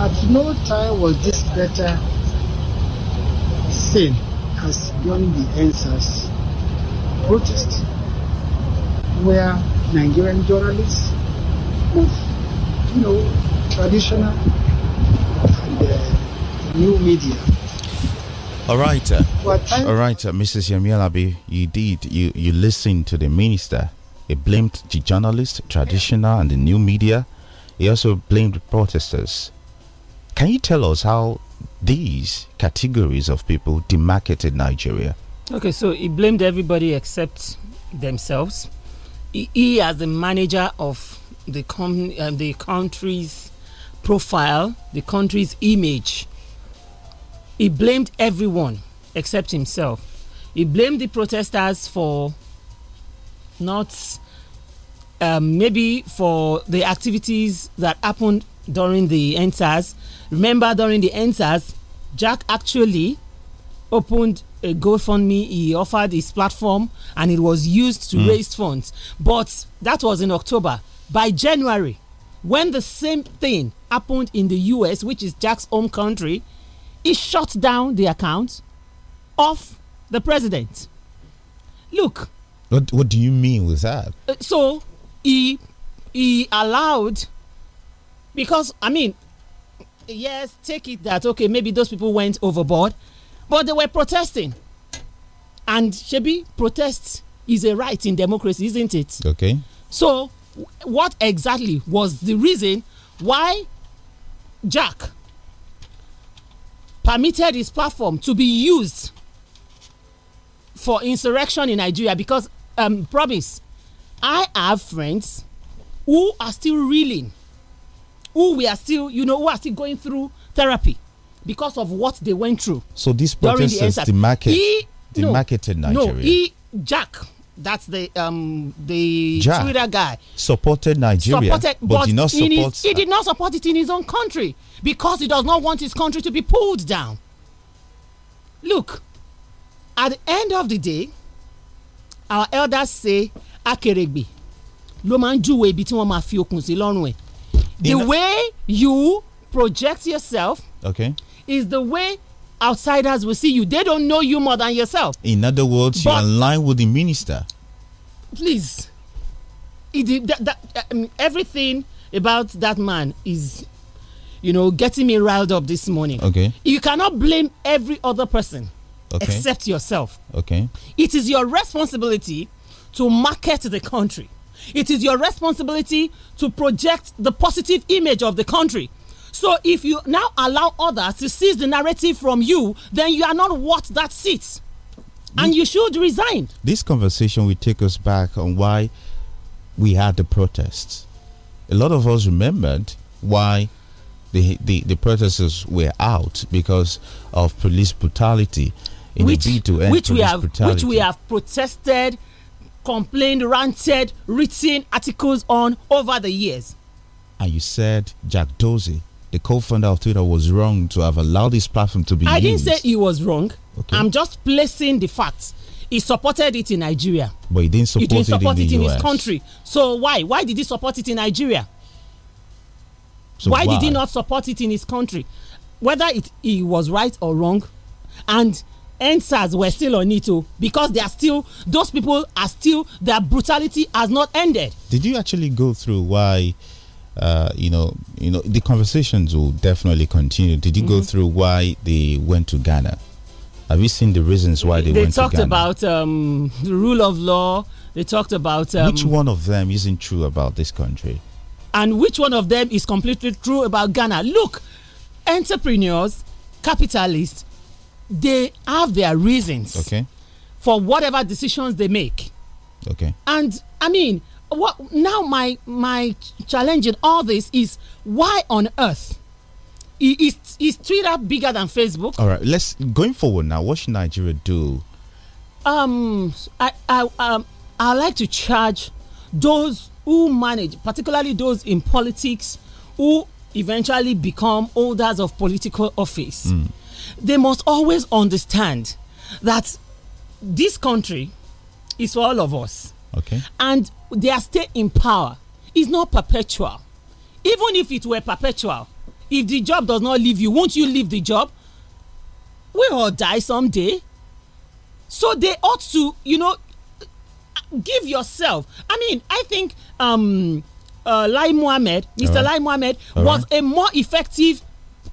At no time was this better seen as during the answers protest, where Nigerian journalists both, you know, traditional and uh, new media all right, uh, all right, right, uh, Mrs. Mrs. Yamilabi, you did you you listened to the minister. He blamed the journalists, traditional, and the new media. He also blamed protesters. Can you tell us how these categories of people demarcated Nigeria? Okay, so he blamed everybody except themselves. He, he as the manager of the com- um, the country's profile, the country's image, he blamed everyone except himself. He blamed the protesters for not um, maybe for the activities that happened during the enters Remember during the enters, Jack actually opened a GoFundMe. He offered his platform and it was used to mm. raise funds. But that was in October. By January, when the same thing happened in the US, which is Jack's home country, he shut down the account of the president. Look. What, what do you mean with that? Uh, so he he allowed because I mean yes, take it that, okay, maybe those people went overboard, but they were protesting. And Shebi, protest is a right in democracy, isn't it? Okay. So, what exactly was the reason why Jack permitted his platform to be used for insurrection in Nigeria? Because, um, promise, I have friends who are still reeling who we are still you know who are still going through therapy because of what they went through. So this protesters, the, the market, he, the no, Nigeria. No, he Jack, that's the um the Jack Twitter guy supported Nigeria, supported, but, but did not support. His, he did not support it in his own country because he does not want his country to be pulled down. Look, at the end of the day, our elders say "Akeregbi, ló máa ń júwe ibi tí wọ́n máa fi the way you project yourself okay is the way outsiders will see you they don't know you more than yourself in other words but, you align with the minister please it, that, that, I mean, everything about that man is you know getting me riled up this morning okay you cannot blame every other person okay. except yourself okay it is your responsibility to market the country it is your responsibility to project the positive image of the country. So if you now allow others to seize the narrative from you, then you are not worth that seat. And you should resign. This conversation will take us back on why we had the protests. A lot of us remembered why the, the, the protesters were out because of police brutality in which, a bid to end which police we have, brutality. Which we have protested complained, ranted, written articles on over the years. And you said Jack Dorsey, the co-founder of Twitter, was wrong to have allowed this platform to be I used. didn't say he was wrong. Okay. I'm just placing the facts. He supported it in Nigeria. But he didn't support, he didn't support it, in, it in his country. So why? Why did he support it in Nigeria? So why, why, did he not support it in his country? Whether it, he was right or wrong, and answers were still on it oh, because they are still those people are still their brutality has not ended. Did you actually go through why? Uh, you know, you know, the conversations will definitely continue. Did you mm -hmm. go mm-hmm. through why they went to Ghana? Have you seen the reasons why they, they went to Ghana? They talked about um, the rule of law. They talked about um, which one of them isn't true about this country, and which one of them is completely true about Ghana. Look, entrepreneurs, capitalists, they have their reasons okay. for whatever decisions they make. Okay. And I mean, what now my my challenge in all this is why on earth is is Twitter bigger than Facebook? All right, let's going forward now. What should Nigeria do? Um, I I um I like to charge those who manage, particularly those in politics, who eventually become holders of political office. Mm they must always understand that this country is for all of us. Okay. And their stay in power is not perpetual. Even if it were perpetual, if the job does not leave you, won't you leave the job? We all die someday. So they ought to, you know, give yourself. I mean, I think um, uh, Lai Mohammed, Mr. All right. Lai Mohammed, was right. a more effective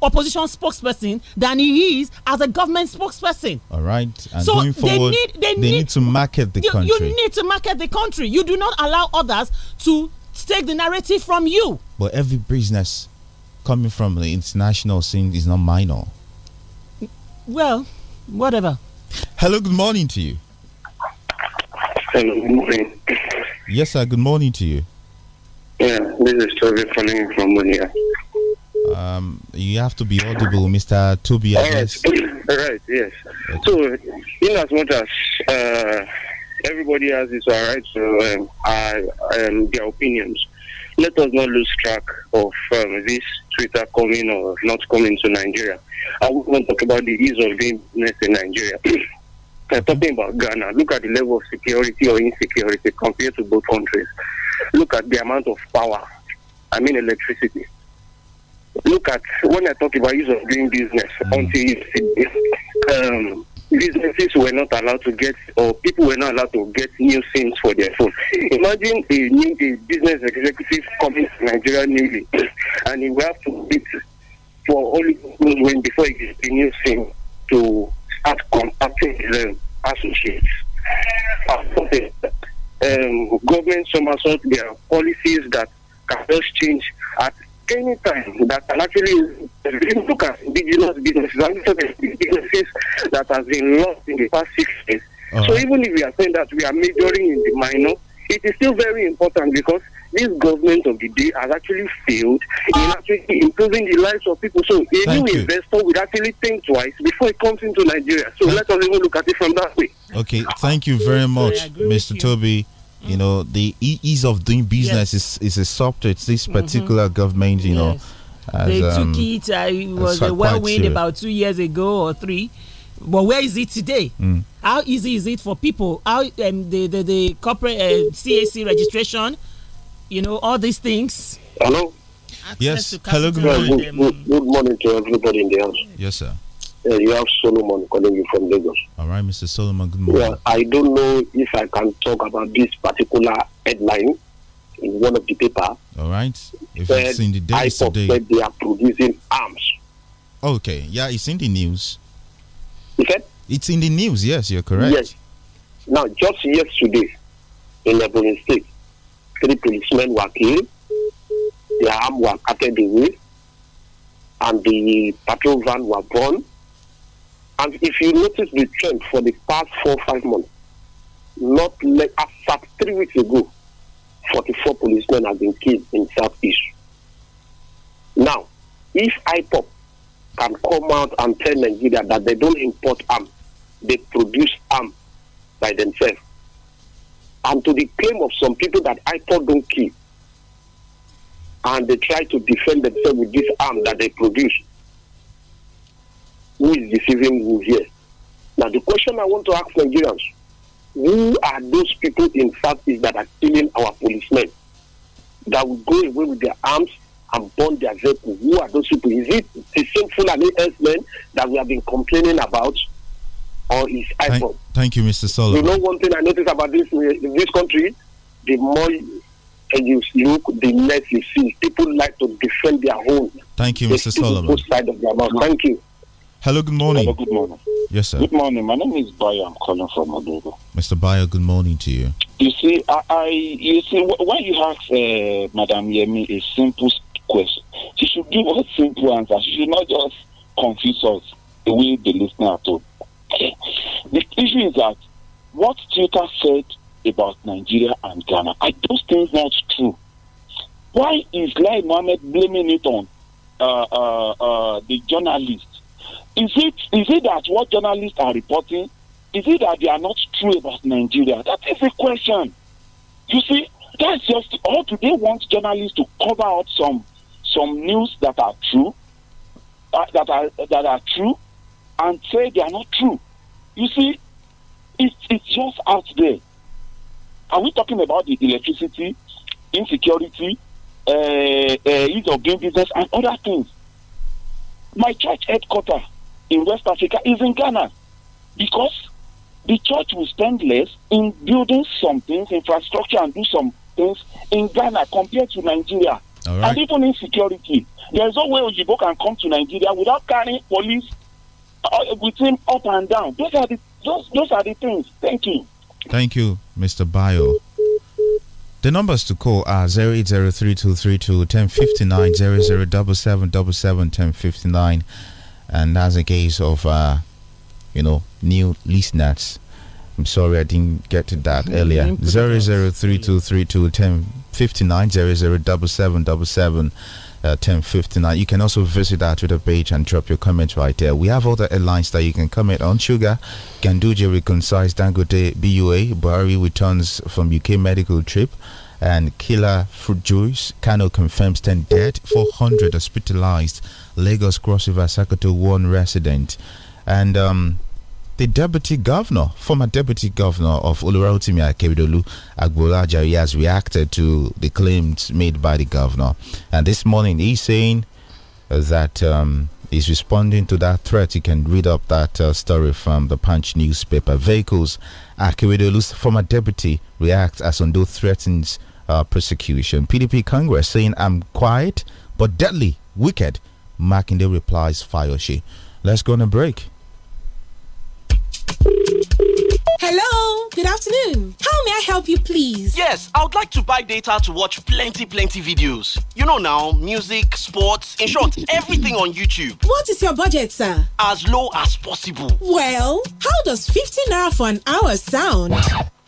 opposition spokesperson than he is as a government spokesperson. All right. And so going forward, they need they, they need, to market the you, country. You need to market the country. You do not allow others to take the narrative from you. But every business coming from the international scene is not minor. Well, whatever. Hello, good morning to you. Hello, good morning. Yes, sir, good morning to you. Yeah, this is Toby calling from here. Um, you have to be audible, Mr. Toby. All right, right yes. So, in as much as uh, everybody has his right to um, their opinions, let us not lose track of um, this Twitter coming or not coming to Nigeria. I want to talk about the ease of doing business in Nigeria. I'm talking about Ghana. Look at the level of security or insecurity compared to both countries. Look at the amount of power. I mean, electricity look at when I talk about Use of doing business mm. until um, businesses were not allowed to get or people were not allowed to get new things for their phone. Imagine a new a business executive coming to Nigeria newly and he will have to wait for only when before he gets the new thing to start contacting the um, associates. Um, government somersault their policies that can just change at anytime that can actually look at indigenous businesses and look at businesses that has been lost in the past six years. Uh -huh. So even if we are saying that we are majoring in the minor, it is still very important because this government of the day has actually failed in actually improving the lives of people. So a Thank new you. investor would actually think twice before he comes into Nigeria. So Thank let us even look at it from that way. Okay, thank you very much, Mr. Toby. You know, the ease of doing business yes. is, is a subject this mm-hmm. particular -hmm. government, you yes. know. they um, took it, uh, it was a whirlwind about two years ago or three. But where is it today? Mm. How easy is it for people? How um, the, the, the corporate uh, CAC registration, you know, all these things. Hello. Access yes. Hello. Good morning. Um, good, good, morning to everybody in the house. Yes, sir. Uh, you have Solomon calling you from Lagos. All right, Mr. Solomon, good morning. Well, I don't know if I can talk about this particular headline in one of the paper. All right. If Said, it's in the day, I today. they are producing arms. Okay. Yeah, it's in the news. You said? It's in the news. Yes, you're correct. Yes. Now, just yesterday, in Lebanon State, three policemen were killed. Their arm were the away, and the patrol van were burned. And if you notice the trend for the past four five months, not like as three weeks ago, 44 policemen have been killed in Southeast. Now, if IPOP can come out and tell Nigeria that they don't import arms, they produce arms by themselves. And to the claim of some people that IPOP don't kill, and they try to defend themselves with this arm that they produce, who is deceiving who here. Now, the question I want to ask Nigerians who are those people, in fact, is that are killing our policemen that will go away with their arms and burn their vehicle? Who are those people? Is it the same Fulani men that we have been complaining about? Or is thank, iPhone? Thank you, Mr. Solomon. You know, one thing I noticed about this in uh, this country, the more and you look, the less you see. People like to defend their own. Thank you, Mr. Solomon. Both of their mouth. Thank you. Hello, good morning. Hello, good morning. Yes, sir. Good morning. My name is Bayo. I'm calling from Odogo. Mr. Bayo, good morning to you. You see, I, I you see, when you ask uh, Madam Yemi a simple question, she should give us simple answers. She should not just confuse us the way the listener at The issue is that what Twitter said about Nigeria and Ghana, I those things not true. Why is Lai Mohammed blaming it on uh, uh, uh the journalists? Is it is it that what journalists are reporting? Is it that they are not true about Nigeria? That is the question. You see, that's just all do they want journalists to cover up some some news that are true, uh, that are that are true, and say they are not true? You see, it's it's just out there. Are we talking about the electricity, insecurity, uh, uh, ease of doing business, and other things? My church headquarters in West Africa is in Ghana because the church will spend less in building some things, infrastructure, and do some things in Ghana compared to Nigeria. Right. And even in security, there is no way Ojibo can come to Nigeria without carrying police uh, with him up and down. Those are the those, those are the things. Thank you. Thank you, Mr. Bio. The numbers to call are 0803232 1059 00777 1059 and that's a case of uh, you know new listeners. I'm sorry I didn't get to that earlier. Zero zero three two three two ten fifty nine zero zero double seven double seven. Uh, 1059. You can also visit our Twitter page and drop your comment right there. We have other airlines that you can comment on. Sugar, Ganduje reconciles Dangote BUA, Bari returns from UK medical trip, and Killer Fruit Juice. Kano confirms 10 dead, 400 hospitalized Lagos Cross River Sakato 1 resident. And um, the deputy governor, former deputy governor of Oluwarotimi Akeridolu, Agbola Ajari, has reacted to the claims made by the governor. And this morning he's saying that um, he's responding to that threat. You can read up that uh, story from the Punch newspaper. Vehicles, Akeridolu's former deputy reacts as Ondo threatens uh, persecution. PDP Congress saying, I'm quiet but deadly, wicked Makinde replies Fayoshi. Let's go on a break. Hello, good afternoon. How may I help you, please? Yes, I would like to buy data to watch plenty, plenty videos. You know now, music, sports, in short, everything on YouTube. What is your budget, sir? As low as possible. Well, how does 15 naira for an hour sound?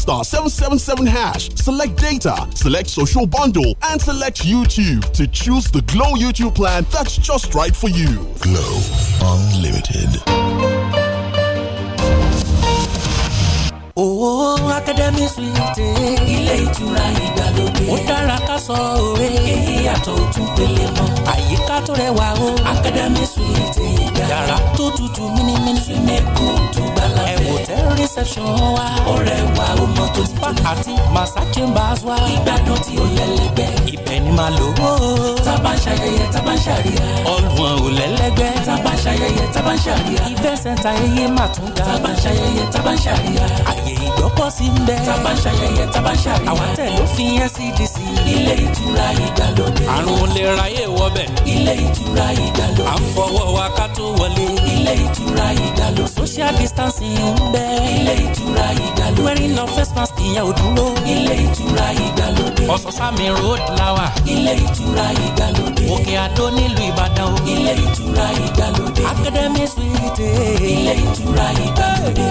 dial star 777 hash, select data, select social bundle, and select YouTube to choose the Glow YouTube plan that's just right for you. Glow Unlimited. oh, Academy Ilé ìtura ìgbàlódé. Ó dára ká sọ òwe. Èyí pele mọ́. Àyíká tó rẹwà o. Academy tètè gbà. yàrá tó tutù mímímí. sinéku tó gbà lábẹ́. ẹ̀wòtẹ́ reception wa. ọ̀rẹ́ wa ó mọ tó ti tó. àti massa chambers wa. ìgbádùn tí ó lẹ́lẹ́gbẹ́. ibẹ̀ ni màá lò ó. tábà ń ò lẹ́lẹ́gbẹ́. tábà ń ṣayẹyẹ ẹyẹ mà tún ga. tábà ń àyè ìgbọ́kọ̀sí ń ń ṣayẹyẹ tábà ń àwọn tẹ̀ ló fi NCDC ilé ìtura ìgbàlódé. àrùn lè ráyè wọbẹ̀. ilé ìtura ìgbàlódé. à ń fọwọ́ wa ká tó wọlé. ilé ìtura ìgbàlódé. social distancing ń bẹ. ilé ìtura ìgbàlódé. wearing no face mask ìyẹn ò dúró. ilé ìtura ìgbàlódé. ọ̀sán-sámi road lawa. ilé ìtura ìgbàlódé. òkè àdó nílùú ìbàdàn o. ilé ìtura ìgbàlódé. academy suite. ilé ìtura ìgbàlódé.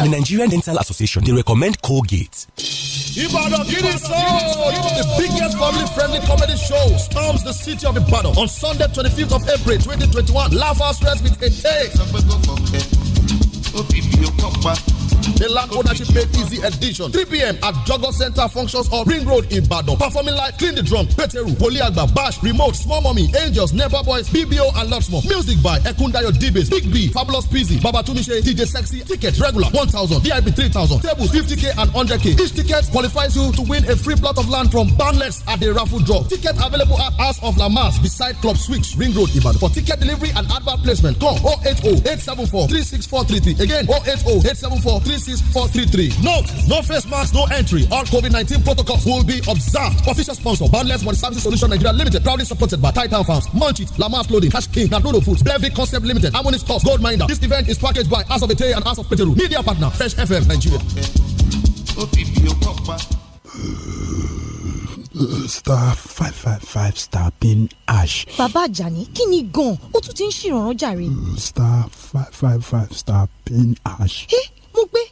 the Nigerian Dental Association, they recommend Colgate. Ibadan, get it so! The biggest family-friendly comedy show storms the city of Ibadan on Sunday, 25th of April, 2021. Laugh us rest with a take. Nela Ownership Made Easy Edition. 3 p.m. at Jogos Center Functions Hall, Ring Road, in Badon. Performing live Clean the Drum, Peteru, Poliagba, Bash, Remote, Small Mommy, Angels, Neighbor Boys, BBO, and lots more. Music by Ekundayo Dibes, Big B, Fabulous Peasy, Babatumishe, DJ Sexy. Tickets regular 1,000, VIP 3,000, tables 50k and 100k. Each ticket qualifies you to win a free plot of land from Barnlex at the raffle draw. Ticket available at House of Lamas beside Club Switch, Ring Road, Ibadan. For ticket delivery and advert placement, call 080 874 36433. Again, 080 874 36433. 86433. Note, no face mask, no entry. All COVID-19 protocols will be observed. Official sponsor, Badlands Money Services Solution Nigeria Limited. Proudly supported by Titan Farms, Munchit, Lamar Clothing, Cash King, Naruto Foods, Brevi Concept Limited, Harmony Stores, Gold Minder. This event is packaged by House of Ete and House of Peteru. Media partner, Fresh FM Nigeria. star five five five star pin Ash. bàbá àjàní kí ni gan-an ó tún ti ń ṣèrànràn jàre. star five five five star pin Ash. ẹ eh, mo gbé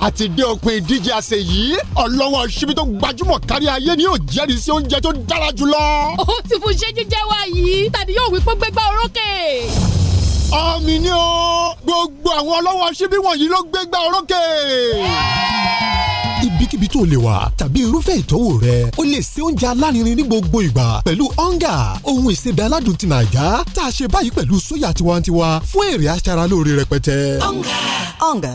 àti dé òpin ìdíje àṣẹ yìí ọlọ́wọ́ ṣíbí tó gbajúmọ̀ kárí ayé ni yóò jẹ́rìí sí oúnjẹ tó dára jùlọ. ó ti fún ṣé jíjẹ wa yìí tàbí yóò wí pé gbégbá orókè. ọmọ ni o gbogbo àwọn ọlọ́wọ́ ṣíbí wọ̀nyí ló gbégbá orókè. Ibikíbi tó lè wà tàbí irúfẹ́ ìtọ́wò rẹ o lè ṣe oúnjẹ alárinrin ní gbogbo ìgbà pẹ̀lú ọ̀ngà ohun ìsebẹ̀ aládùn ti nàìjà tá a ṣe báyìí pẹ̀lú sóyà tiwantiwa fún èrè aṣaralóore rẹpẹtẹ. ọ̀ngà ọ̀ngà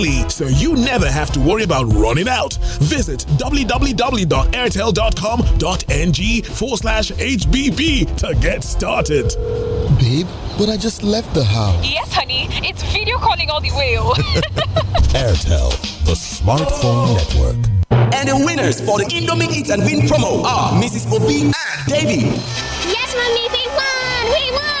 daily so you never have to worry about running out. Visit www.airtel.com.ng forward slash HBB to get started. Babe, but I just left the house. Yes, honey. It's video calling all the way. Airtel, the smartphone network. And the winners for the Indomie Eat and Win promo are Mrs. Obi and Davy. Yes, mommy, we won! We won!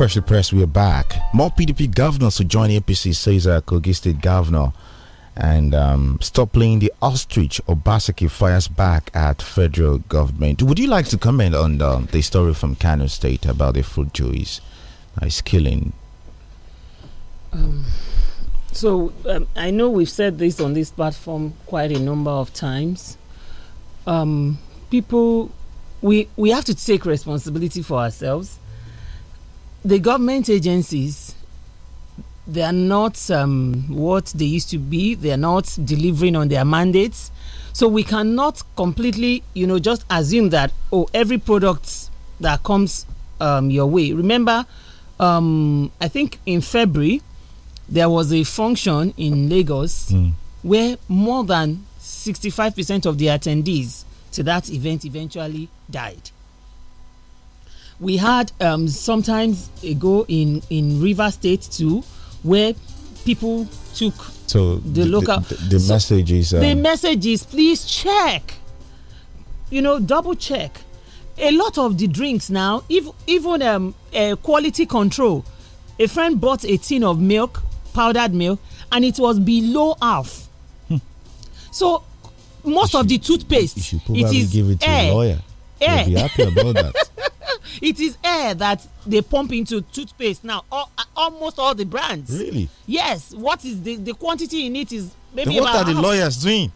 First, the press, we are back. More PDP governors to join APC, says a uh, Kogi State Governor. And um, stop playing the ostrich. Obaseki fires back at federal government. Would you like to comment on the, um, the story from Kano State about the fruit juice? Uh, killing. Um. So um, I know we've said this on this platform quite a number of times. Um, people, we we have to take responsibility for ourselves. The government agencies, they are not um, what they used to be. They are not delivering on their mandates. So we cannot completely, you know, just assume that oh, every product that comes um, your way. Remember, um, I think in February there was a function in Lagos mm. where more than 65% of the attendees to that event eventually died. We had um, sometimes ago in, in River State too, where people took so the, the local. The, the so messages. Um, the messages, please check. You know, double check. A lot of the drinks now, if, even um, uh, quality control. A friend bought a tin of milk powdered milk and it was below half. So most should, of the toothpaste it is give it to air, a lawyer. Air. be happy about that. it is air that they pump into toothpaste now. All, uh, almost all the brands. Really? Yes. What is the the quantity in it is maybe then What are the half. lawyers doing?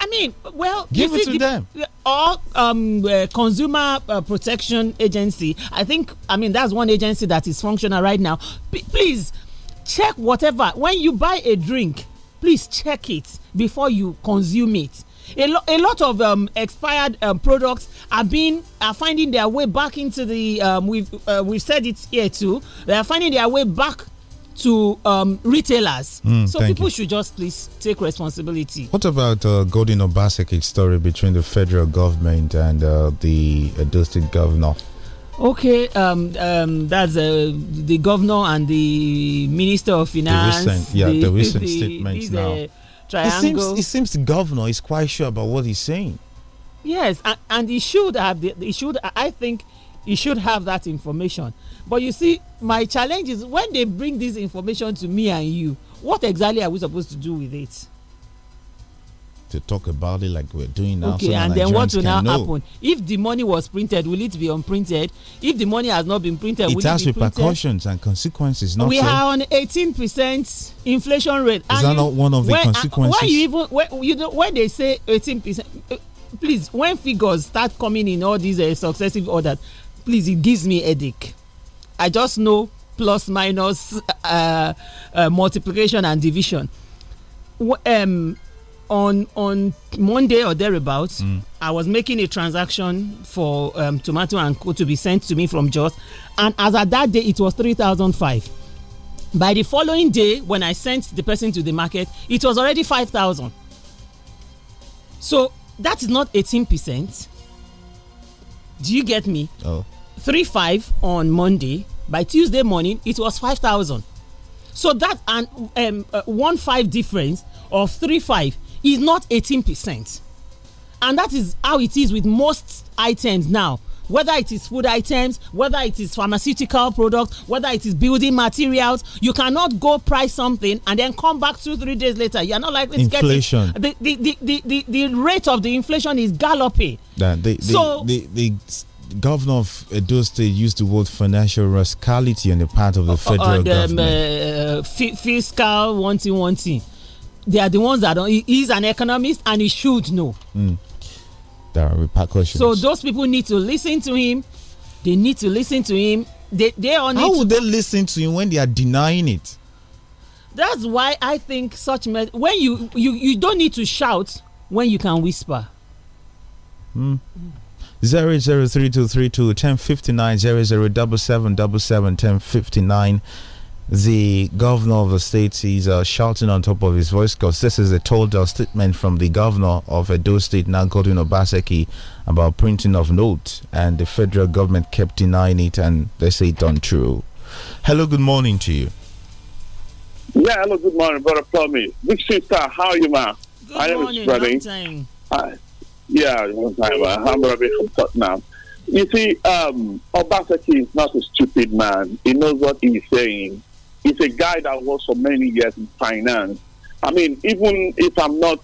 I mean, well, give it to the, them. Or um, uh, consumer uh, protection agency. I think. I mean, that's one agency that is functional right now. P please check whatever when you buy a drink please check it before you consume it a, lo a lot of um, expired um, products are being are finding their way back into the um, we've uh, we've said it here too they are finding their way back to um, retailers mm, so people you. should just please take responsibility what about uh, golden obaseki's story between the federal government and uh, the uh, district governor Okay, um, um, that's uh, the governor and the minister of finance. The recent, yeah, the, the recent the, statements now. triangle. It seems, it seems the governor is quite sure about what he's saying. Yes, and, and he should have. The, he should. I think he should have that information. But you see, my challenge is when they bring this information to me and you, what exactly are we supposed to do with it? to talk about it like we're doing now. Okay, so and then what will now know. happen? If the money was printed, will it be unprinted? If the money has not been printed, it will has it be repercussions printed? and consequences. Not we so. are on eighteen percent inflation rate. Is and that you, not one of the consequences? Why you even when, you know, when they say eighteen percent? Uh, please, when figures start coming in all these uh, successive orders, please it gives me headache. I just know plus minus uh, uh, multiplication and division. Um, on on Monday or thereabouts, mm. I was making a transaction for um, tomato and co to be sent to me from Jos, and as at that day it was three thousand five. By the following day, when I sent the person to the market, it was already five thousand. So that is not eighteen percent. Do you get me? Oh. Three five on Monday. By Tuesday morning, it was five thousand. So that and um, uh, one five difference of three five is not 18%. And that is how it is with most items now. Whether it is food items, whether it is pharmaceutical products, whether it is building materials, you cannot go price something and then come back two, three days later. You're not likely inflation. to get it. The, the, the, the, the rate of the inflation is galloping. Yeah, the, so, the, the, the governor of Edo State used the word financial rascality on the part of the federal uh, uh, the, um, government. uh, fiscal wanting wanting they are the ones that don't. He, he's an economist and he should know. Mm. There are repercussions. So those people need to listen to him. They need to listen to him. They they all How would they listen to him when they are denying it? That's why I think such when you you you don't need to shout when you can whisper. Mm. 1059 the governor of the state is uh, shouting on top of his voice because this is a told uh, statement from the governor of Edo State, now Godwin Obaseki, about printing of notes, and the federal government kept denying it, and they say it's untrue. Hello, good morning to you. Yeah, hello, good morning, brother Plummy. Big sister, how are you, ma? Good I morning, long time. Hi. Yeah, long time. Uh, I'm Rabbi from Tottenham. You see, um, Obaseki is not a stupid man. He knows what he's saying is a guy that works for many years in finance. I mean, even if I'm not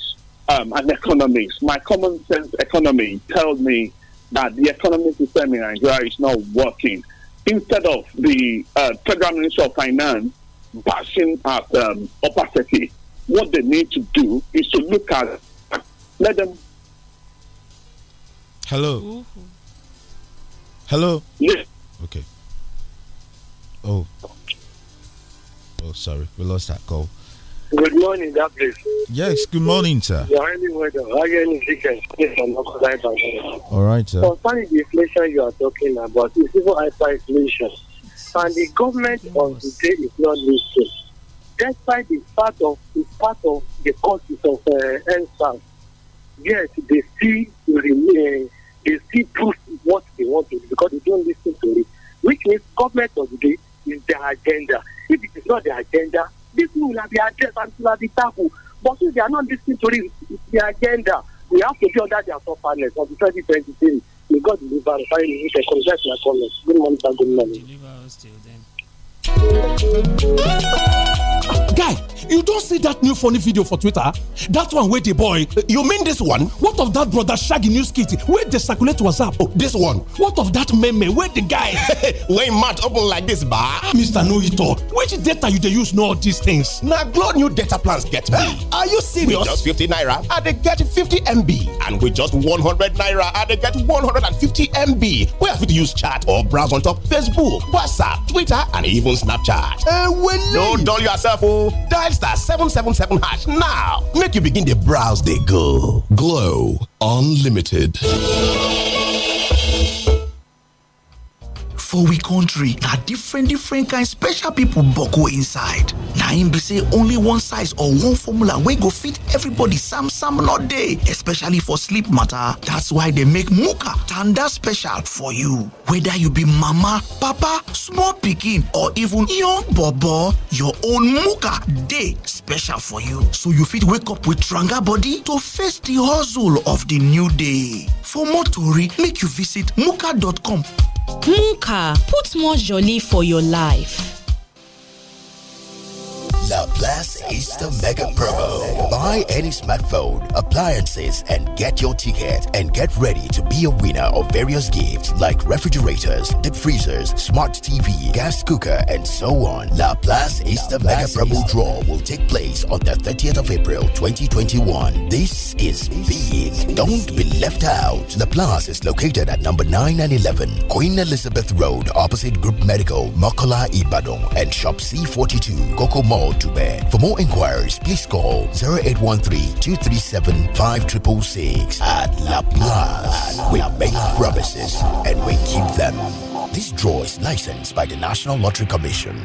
um, an economist, my common sense economy tells me that the economic system in Nigeria is not working. Instead of the uh, Federal Minister of Finance bashing at um, opacity, what they need to do is to look at let them. Hello. Hello. Yes. Okay. Oh, Oh, sorry, we lost that call. Good morning, that place. Yes, good morning, sir. You're having weather. How you chicken? All right, sir. Concerning the inflation you are talking about, it's even hyperinflation. And the government of the day is not listening. Despite the part of the part of the causes of uh, NSAS, yet they still remain, they still prove what they want to do because they don't listen to it. Which means government of the day is their agenda. If it is not their agenda, this will have the address and will have the tackled. But if they are not listening to this, it's their agenda. We have to be under their sufferance of the 2023. May God deliver us. I need to confess my comments. Good morning and good morning. Deliver us till then. Guy, you don't see that new funny video for Twitter? That one with the boy. You mean this one? What of that brother Shaggy News skit? Where they circulate WhatsApp? Oh, this one. What of that meme? Where the guy? when mouth open like this, ba? Ah, Mr. No Which data you dey use know all these things? Now, Glow new data plans get me. Are you serious? With just 50 naira, I they get 50 MB. And with just 100 naira, I they get 150 MB. We have to use chat or browse on top Facebook, WhatsApp, Twitter, and even Snapchat? Uh, don't dull yourself, oh dial star 777 hash now make you begin to browse the go glow unlimited for we country na different different kind special people boku inside na im be say only one size or one formula wey go fit everybody sam sam not dey especially for sleep matter that's why dem make muka tanda special for you whether you be mama papa small pikin or even young bobo your own muka dey special for you so you fit wake up with tranga body to face the hustle of the new day for more tori make you visit muka.com Mooka, put more jolly for your life. La Place the Mega Promo. Buy any smartphone, appliances, and get your ticket and get ready to be a winner of various gifts like refrigerators, deep freezers, smart TV, gas cooker, and so on. La Place is the Mega Promo draw will take place on the 30th of April 2021. This is big. Don't be left out. The Place is located at number 9 and 11, Queen Elizabeth Road, opposite Group Medical, Mokola Ibadan, and Shop C42, Coco Mall for more inquiries, please call 0813-237-5666 at La Paz. We make promises and we keep them. This draw is licensed by the National Lottery Commission.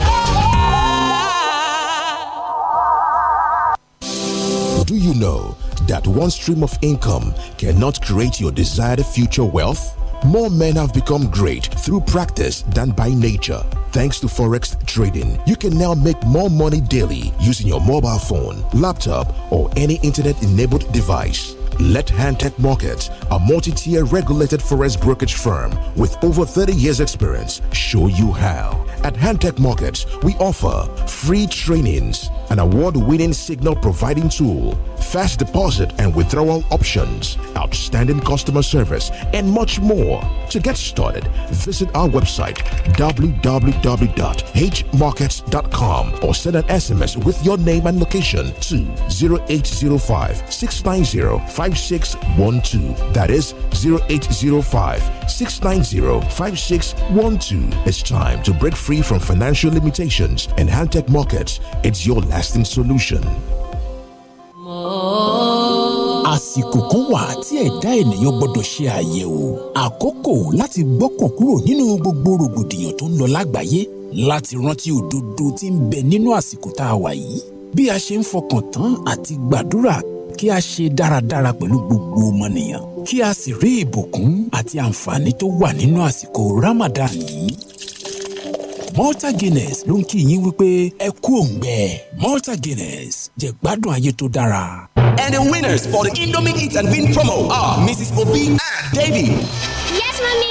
Do you know that one stream of income cannot create your desired future wealth? More men have become great through practice than by nature. Thanks to Forex trading, you can now make more money daily using your mobile phone, laptop, or any internet enabled device. Let Hantech Markets, a multi tier regulated forex brokerage firm with over 30 years' experience, show you how. At Hantech Markets, we offer free trainings an award winning signal providing tool, fast deposit and withdrawal options, outstanding customer service, and much more. To get started, visit our website www.hmarkets.com or send an SMS with your name and location to 0805 690 5612. That is 0805 690 5612. It's time to break free from financial limitations and high tech markets. It's your last lasting solution. àsìkò kan wà tí ẹ̀dá ènìyàn gbọ́dọ̀ ṣe àyẹ̀wò àkókò láti gbọ́kàn kúrò nínú gbogbo rògbòdìyàn tó ń lọ lágbàáyé láti rántí òdodo tí ń bẹ nínú àsìkò tá a wà yìí bí a ṣe ń fọkàn tán àti gbàdúrà kí a ṣe dáradára pẹ̀lú gbogbo ọmọnìyàn kí a sì rí ìbùkún àti àǹfààní tó wà nínú àsìkò Ramadan yìí malta guinness ló ń kí yín wípé ẹ kú òǹgbẹ malta guinness jẹ̀gbádùn ayé tó dára. And the winners for the Indomie Eat and Win promo are Mrs. Obi and Davy. Yes, mommy.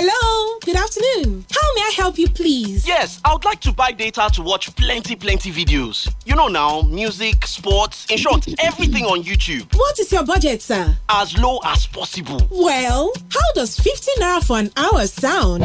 Hello, good afternoon. How may I help you, please? Yes, I would like to buy data to watch plenty, plenty videos. You know now, music, sports, in short, everything on YouTube. What is your budget, sir? As low as possible. Well, how does 50 naira for an hour sound?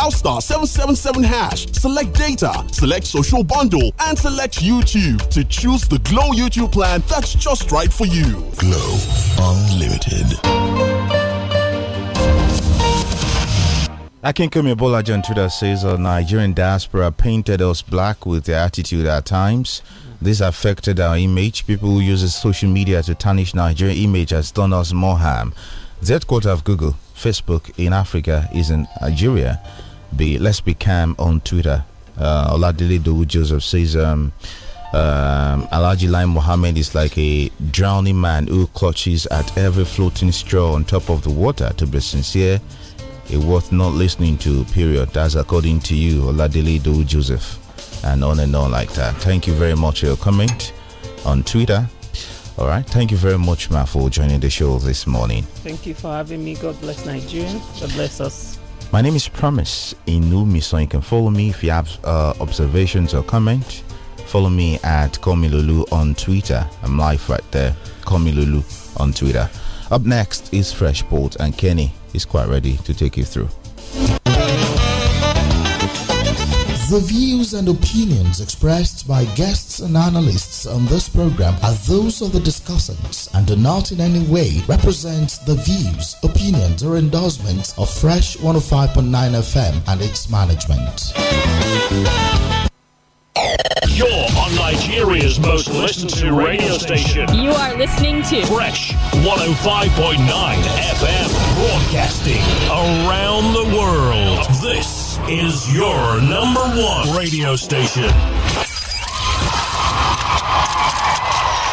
dial star 777 hash, select data, select social bundle, and select YouTube to choose the Glow YouTube plan that's just right for you. Glow Unlimited. I can't Akinkumi Bolaji on Twitter says our uh, Nigerian diaspora painted us black with their attitude at times. This affected our image. People who use social media to tarnish Nigerian image has done us more harm. Z quarter of Google, Facebook in Africa is in Nigeria be let's be calm on Twitter. Uh, Oladile Joseph says, um, um, Alaji Line Muhammad is like a drowning man who clutches at every floating straw on top of the water. To be sincere, it worth not listening to. Period. That's according to you, Oladile Joseph, and on and on like that. Thank you very much for your comment on Twitter. All right. Thank you very much, Ma, for joining the show this morning. Thank you for having me. God bless Nigeria. God bless us. My name is Promise Inumi, so you can follow me if you have uh, observations or comment. Follow me at Komilulu on Twitter. I'm live right there. Komilulu on Twitter. Up next is Freshport, and Kenny is quite ready to take you through. The views and opinions expressed by guests and analysts on this program are those of the discussants and do not in any way represent the views, opinions, or endorsements of Fresh 105.9 FM and its management. You're on Nigeria's most listened to radio station. You are listening to Fresh 105.9 FM broadcasting around the world. This is your number one radio station.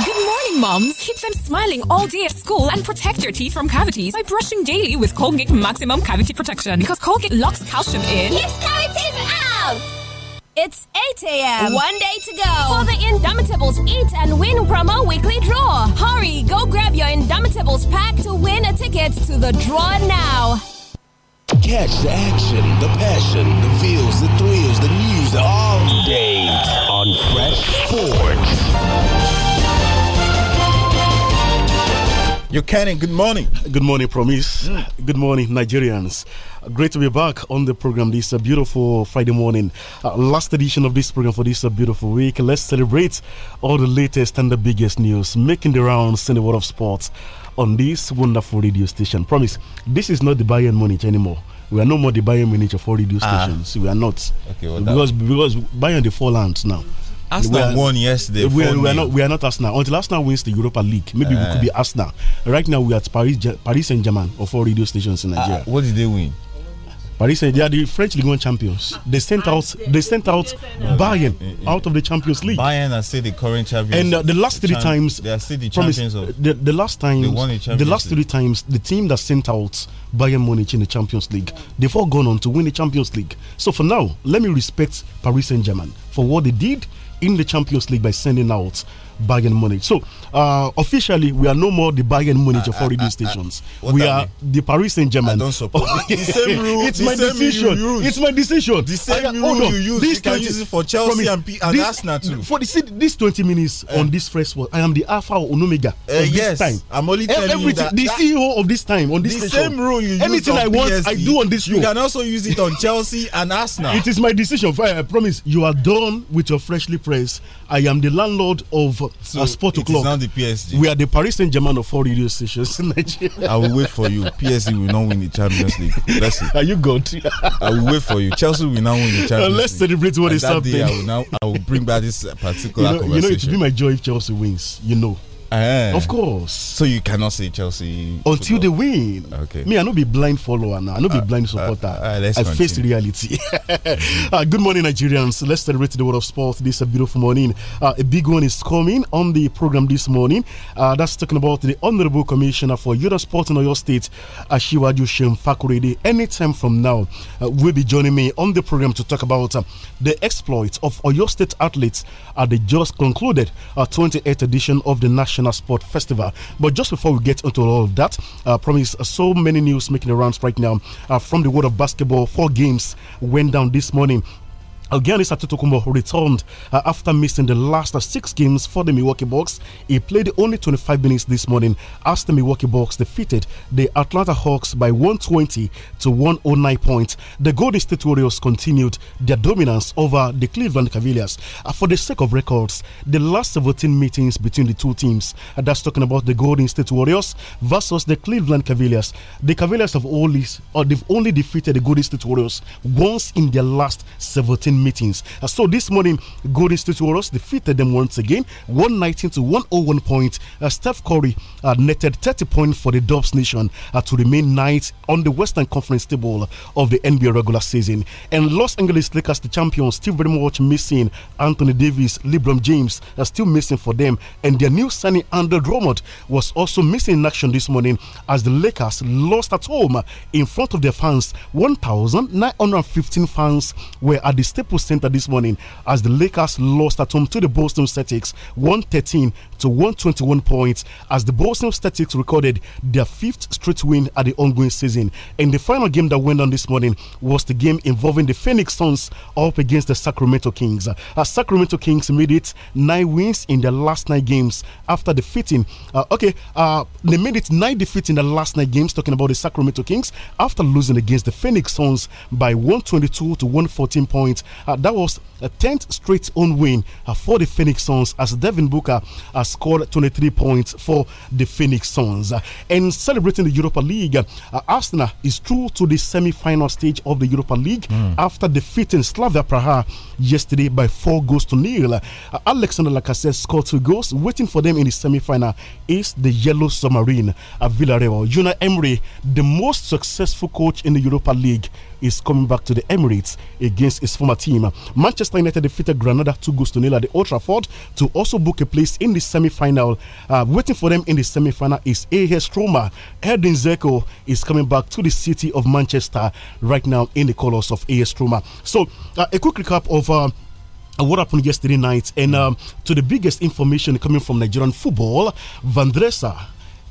Good morning, moms. Keep them smiling all day at school and protect your teeth from cavities by brushing daily with Colgate Maximum Cavity Protection because Colgate locks calcium in. Keeps cavities out! It's 8 a.m. One day to go. For the Indomitables Eat and Win promo weekly draw. Hurry, go grab your Indomitables pack to win a ticket to the draw now. Catch the action, the passion, the feels, the thrills, the news all day on Fresh Sports. You Kenny. good morning. Good morning, Promise. Mm. Good morning, Nigerians. Uh, great to be back on the program this uh, beautiful Friday morning. Uh, last edition of this program for this uh, beautiful week. Let's celebrate all the latest and the biggest news making the rounds in the world of sports on this wonderful radio station. Promise, this is not the Bayern Munich anymore we are no more the Bayern Munich of all radio ah. stations. Ah. We are not. Okay, well, because because Bayern the four lands now. Arsenal we are, won yesterday. We are, we are, not. We are not Arsenal until Arsenal wins the Europa League. Maybe uh, we could be eh. Arsenal. Right now we are at Paris Paris Saint Germain of all radio stations in ah, Nigeria. Uh, what did they win? Paris Saint they are the French League One champions. They sent ah, out they sent out Bayern eh, eh. out of the Champions League. Bayern are still the current champions. And uh, the last three times they are still the champions. Promise, of, the, the last time the last three times the team that sent out Bayern Munich in the Champions League. They've all gone on to win the Champions League. So for now, let me respect Paris Saint Germain for what they did in the Champions League by sending out bargain money. So uh, officially, we are no more the bargain Munich uh, for all uh, radio uh, stations. Uh, we are mean? the Paris Saint Germain. I don't support same rule. It's my decision. It's my decision. The same rule you use. This you 20, use for Chelsea and, P and this, Arsenal too. For the, see, this twenty minutes uh, on this first one, I am the Alpha or Omega. Uh, yes, time. I'm only telling Everything, you that the CEO of this time on this the station, same rule you use anything I want, PSG, I do on this. You can also use it on Chelsea and Arsenal. It is my decision. Eh, I promise. You are done with your freshly pressed. I am the landlord of club, so at sport o'clock. now the PSG. We are the Paris Saint Germain of all radio stations in Nigeria. I will wait for you. PSG will not win the Champions League. That's it. Are you good? I will wait for you. Chelsea will now win the Champions let's League. Let's celebrate what and is happening. I will now I will bring back this particular you know, conversation. You know, it will be my joy if Chelsea wins. You know. Eh. Of course. So you cannot say Chelsea until football. they win. Okay. Me, I no be blind follower now. I no be uh, blind uh, supporter. Uh, uh, I continue. face reality. Uh, good morning, Nigerians. Let's celebrate the world of sport. This is uh, a beautiful morning. a big one is coming on the program this morning. that's talking about the Honorable Commissioner for Youth Sport in Oyo State, Ashiwaju Shem Anytime from now, will be joining me on the program to talk about the exploits of Oyo State athletes at the just concluded 28th edition of the National. National Sport Festival. But just before we get into all of that, I uh, promise uh, so many news making the rounds right now uh, from the world of basketball. Four games went down this morning. Algianis Atutokumbo returned uh, after missing the last uh, six games for the Milwaukee Bucks. He played only 25 minutes this morning as the Milwaukee Bucks defeated the Atlanta Hawks by 120 to 109 points. The Golden State Warriors continued their dominance over the Cleveland Cavaliers. Uh, for the sake of records, the last 17 meetings between the two teams, uh, that's talking about the Golden State Warriors versus the Cleveland Cavaliers, the Cavaliers have only, or uh, they've only defeated the Golden State Warriors once in their last 17 meetings. Uh, so this morning, Golden State Warriors defeated them once again, 119 to 101 points. Uh, Steph Curry uh, netted 30 points for the Dubs Nation uh, to remain ninth on the Western Conference table of the NBA regular season. And Los Angeles Lakers, the champions, still very much missing Anthony Davis, LeBron James, are uh, still missing for them. And their new signing, Andrew Drummond, was also missing in action this morning as the Lakers lost at home in front of their fans. 1,915 fans were at the Staples Staples Center this morning as the Lakers lost at home to the Boston Celtics 113 to 121 points as the Boston Celtics recorded their fifth straight win at the ongoing season. And the final game that went on this morning was the game involving the Phoenix Suns up against the Sacramento Kings. As uh, Sacramento Kings made it nine wins in their last nine games after defeating. Uh, okay, uh, they made it nine defeats in the last nine games. Talking about the Sacramento Kings after losing against the Phoenix Suns by 122 to 114 points uh, that was a 10th straight own win uh, for the Phoenix Suns as Devin Booker scored 23 points for the Phoenix Suns. and uh, celebrating the Europa League, Arsenal is through to the semi final stage of the Europa League mm. after defeating Slavia Praha yesterday by four goals to nil. Uh, Alexander Lacazette scored two goals. Waiting for them in the semi final is the Yellow Submarine at Villarreal. Juna Emery, the most successful coach in the Europa League, is coming back to the Emirates against his former team team. Manchester United defeated Granada two goals to nil at the Old Trafford to also book a place in the semi-final. Uh, waiting for them in the semi-final is AS Roma. Edin Zeko is coming back to the city of Manchester right now in the colours of AS Roma. So uh, a quick recap of. Uh, what happened yesterday night, and um, to the biggest information coming from Nigerian football, Vandresa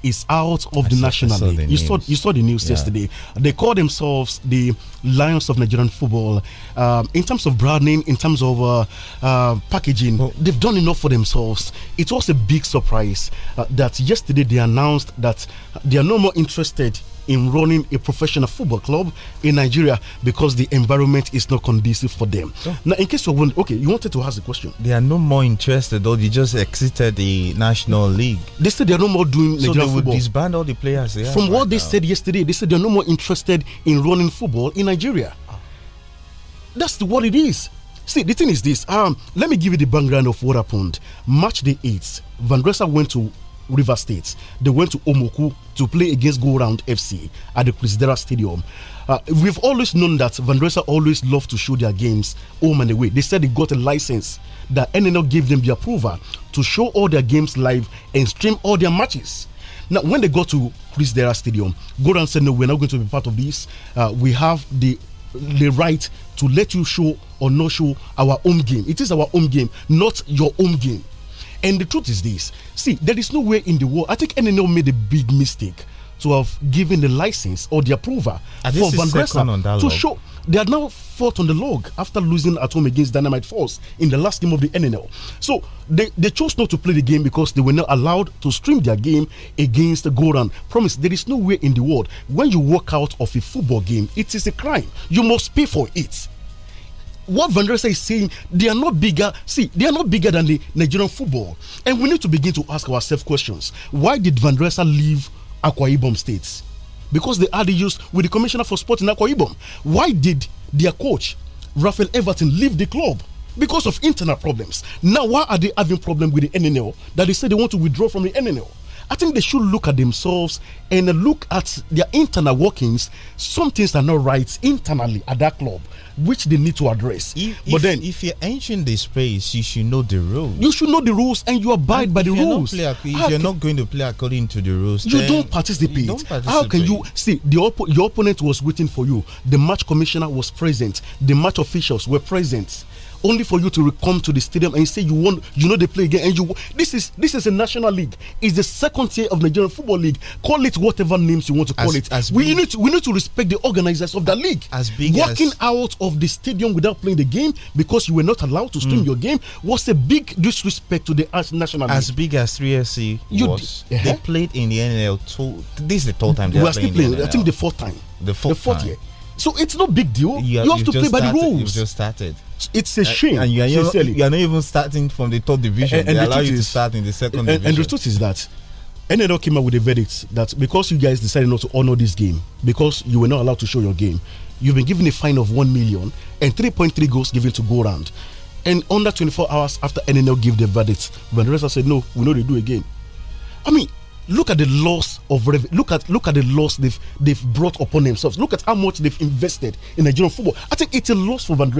is out of I the national league. you saw you saw the news yeah. yesterday. They call themselves the Lions of Nigerian football. Um, in terms of branding, in terms of uh, uh, packaging, well, they've done enough for themselves. It was a big surprise uh, that yesterday they announced that they are no more interested in running a professional football club in Nigeria because the environment is not conducive for them. Oh. Now, in case you're wondering, okay, you wanted to ask the question. They are no more interested, though. They just exited the National League. They said they are no more doing so Nigerian they would disband all the players. From right what they now. said yesterday, they said they are no more interested in running football in Nigeria. Oh. That's what it is. See, the thing is this. Um, let me give you the background of what happened. March the 8th, Van Dresser went to River State. They went to Omoku to play against Go Round FC at the Crisidera Stadium. Uh, we've always known that Vandresa always love to show their games home and away. They said they got a license that NNL gave them the approval to show all their games live and stream all their matches. Now, when they go to Chris Dera Stadium, Goran said, No, we're not going to be part of this. Uh, we have the the right to let you show or not show our home game. It is our home game, not your home game. And the truth is this see, there is no way in the world. I think NNL made a big mistake to have given the license or the approval and ah, for Van Dresser to show they are now fought on the log after losing at home against Dynamite Force in the last game of the NNL. So they, they chose not to play the game because they were not allowed to stream their game against Goran. Promise, there is no way in the world when you walk out of a football game, it is a crime. You must pay for it what Vandresa is saying, they are not bigger. See, they are not bigger than the Nigerian football. And we need to begin to ask ourselves questions. Why did Vandresa leave Akwa Ibom States? Because they had issues with the commissioner for sport in Akwa Ibom. Why did their coach, Rafael Everton, leave the club? Because of internal problems. Now, why are they having problems with the NNL that they say they want to withdraw from the NNL? I think they should look at themselves and look at their internal workings. Some things are not right internally at that club which they need to address. If, but if, then, if you're entering the space, you should know the rules. You should know the rules and you abide and by the rules. play, if you're not going to play according to the rules, you don't participate. You don't participate. How can you see the your opponent was waiting for you? The match commissioner was present. The match officials were present only for you to come to the stadium and say you want you know they play again and you this is this is a national league it's the second tier of nigerian football league call it whatever names you want to call as, it as we big, need to, we need to respect the organizers of the league as big walking as, out of the stadium without playing the game because you were not allowed to stream mm. your game was a big disrespect to the national league. as big as 3sc was uh -huh. they uh-huh. played in the nl two this is the third time they we are still playing i think the fourth time the fourth, the fourth time. year so it's no big deal. You, you have to play by started, the rules. you just started it's a uh, shame. And you are, not, you are, not, even starting from the top division. And, and they the allow you is, to start in the second and, division. And the truth is that NLL came out with a verdict that because you guys decided not to honor this game, because you were not allowed to show your game, you've been given a fine of 1 million and 3.3 goals given to go round. And under 24 hours after NNL gave the verdict, Van said, No, we know they do again. I mean, look at the loss of look at look at the loss they've they've brought upon themselves. Look at how much they've invested in Nigerian football. I think it's a loss for Van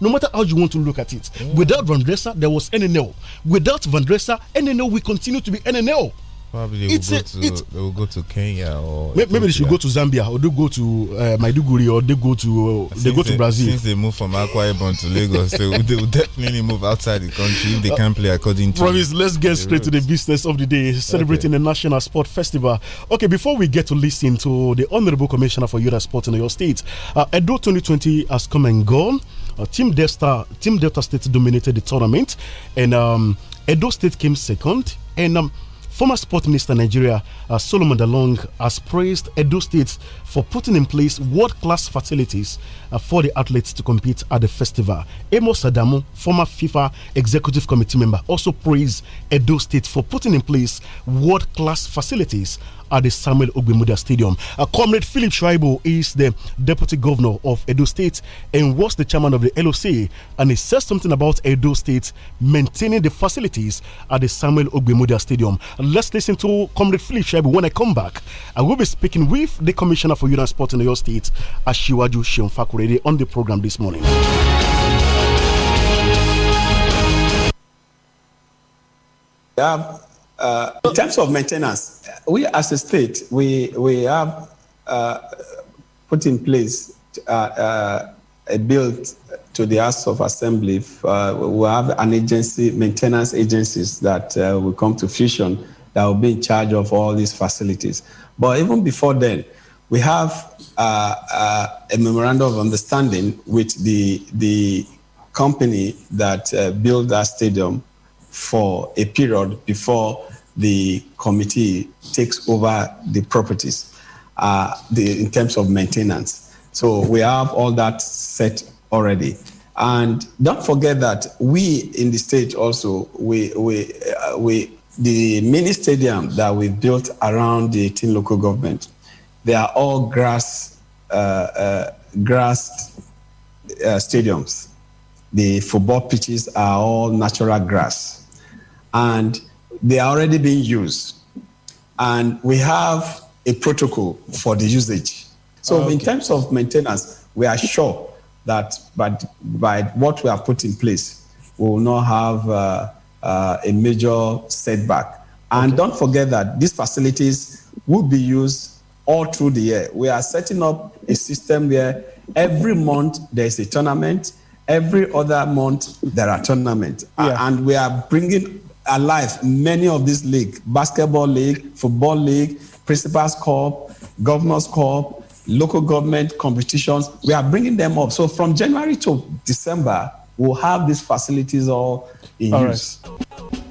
no matter how you want to look at it. Mm. Without Van Dresser, there was NNL. Without Van Dresser, NNL will continue to be NNL. Probably they will, go to, they will go to Kenya or maybe, they should go to Zambia or they go to uh, Maiduguri or they go to uh, they go to they, Brazil. Since they move from Akwa Ibom to Lagos, they, will, they will definitely move outside the country if they uh, can play according to. Promise. Let's get straight to the business of the day, celebrating okay. the National Sport Festival. Okay, before we get to listen to the Honourable Commissioner for Youth Sport in your state, uh, Edo 2020 has come and gone. Uh, Team Delta, Team Delta State dominated the tournament, and um, Edo State came second. And um, former Sport Minister Nigeria uh, Solomon Dalong has praised Edo State's for putting in place world class facilities uh, for the athletes to compete at the festival. Amos Sadamu, former FIFA executive committee member, also praised Edo State for putting in place world class facilities at the Samuel Ogbemudia Stadium. Uh, Comrade Philip Schreibo is the deputy governor of Edo State and was the chairman of the LOC. And he says something about Edo State maintaining the facilities at the Samuel Ogbemudia Stadium. Let's listen to Comrade Philip Schreibo. When I come back, I will be speaking with the commissioner for Union Sport in your state, Ashiwaju Sheon Fakurede, on the program this morning. Yeah, uh, in terms of maintenance, we as a state, we we have uh, put in place uh, uh a bill to the House of Assembly. Uh, we have an agency, maintenance agencies that uh, will come to fusion that will be in charge of all these facilities. But even before then, we have uh, uh, a memorandum of understanding with the the company that uh, built that stadium for a period before the committee takes over the properties uh, the, in terms of maintenance. So we have all that set already. And don't forget that we in the state also we we uh, we the mini stadium that we built around the 18 local government they are all grass, uh, uh, grass uh, stadiums. The football pitches are all natural grass, and they are already being used. And we have a protocol for the usage. So, okay. in terms of maintenance, we are sure that by, by what we have put in place, we will not have uh, uh, a major setback. And okay. don't forget that these facilities would be used all through the year. We are setting up a system where every month there is a tournament, every other month there are tournaments, yeah. and we are bringing alive many of these league: basketball league, football league, principals cup, governors cup, local government competitions. We are bringing them up. So from January to December, we'll have these facilities all in all use. Right.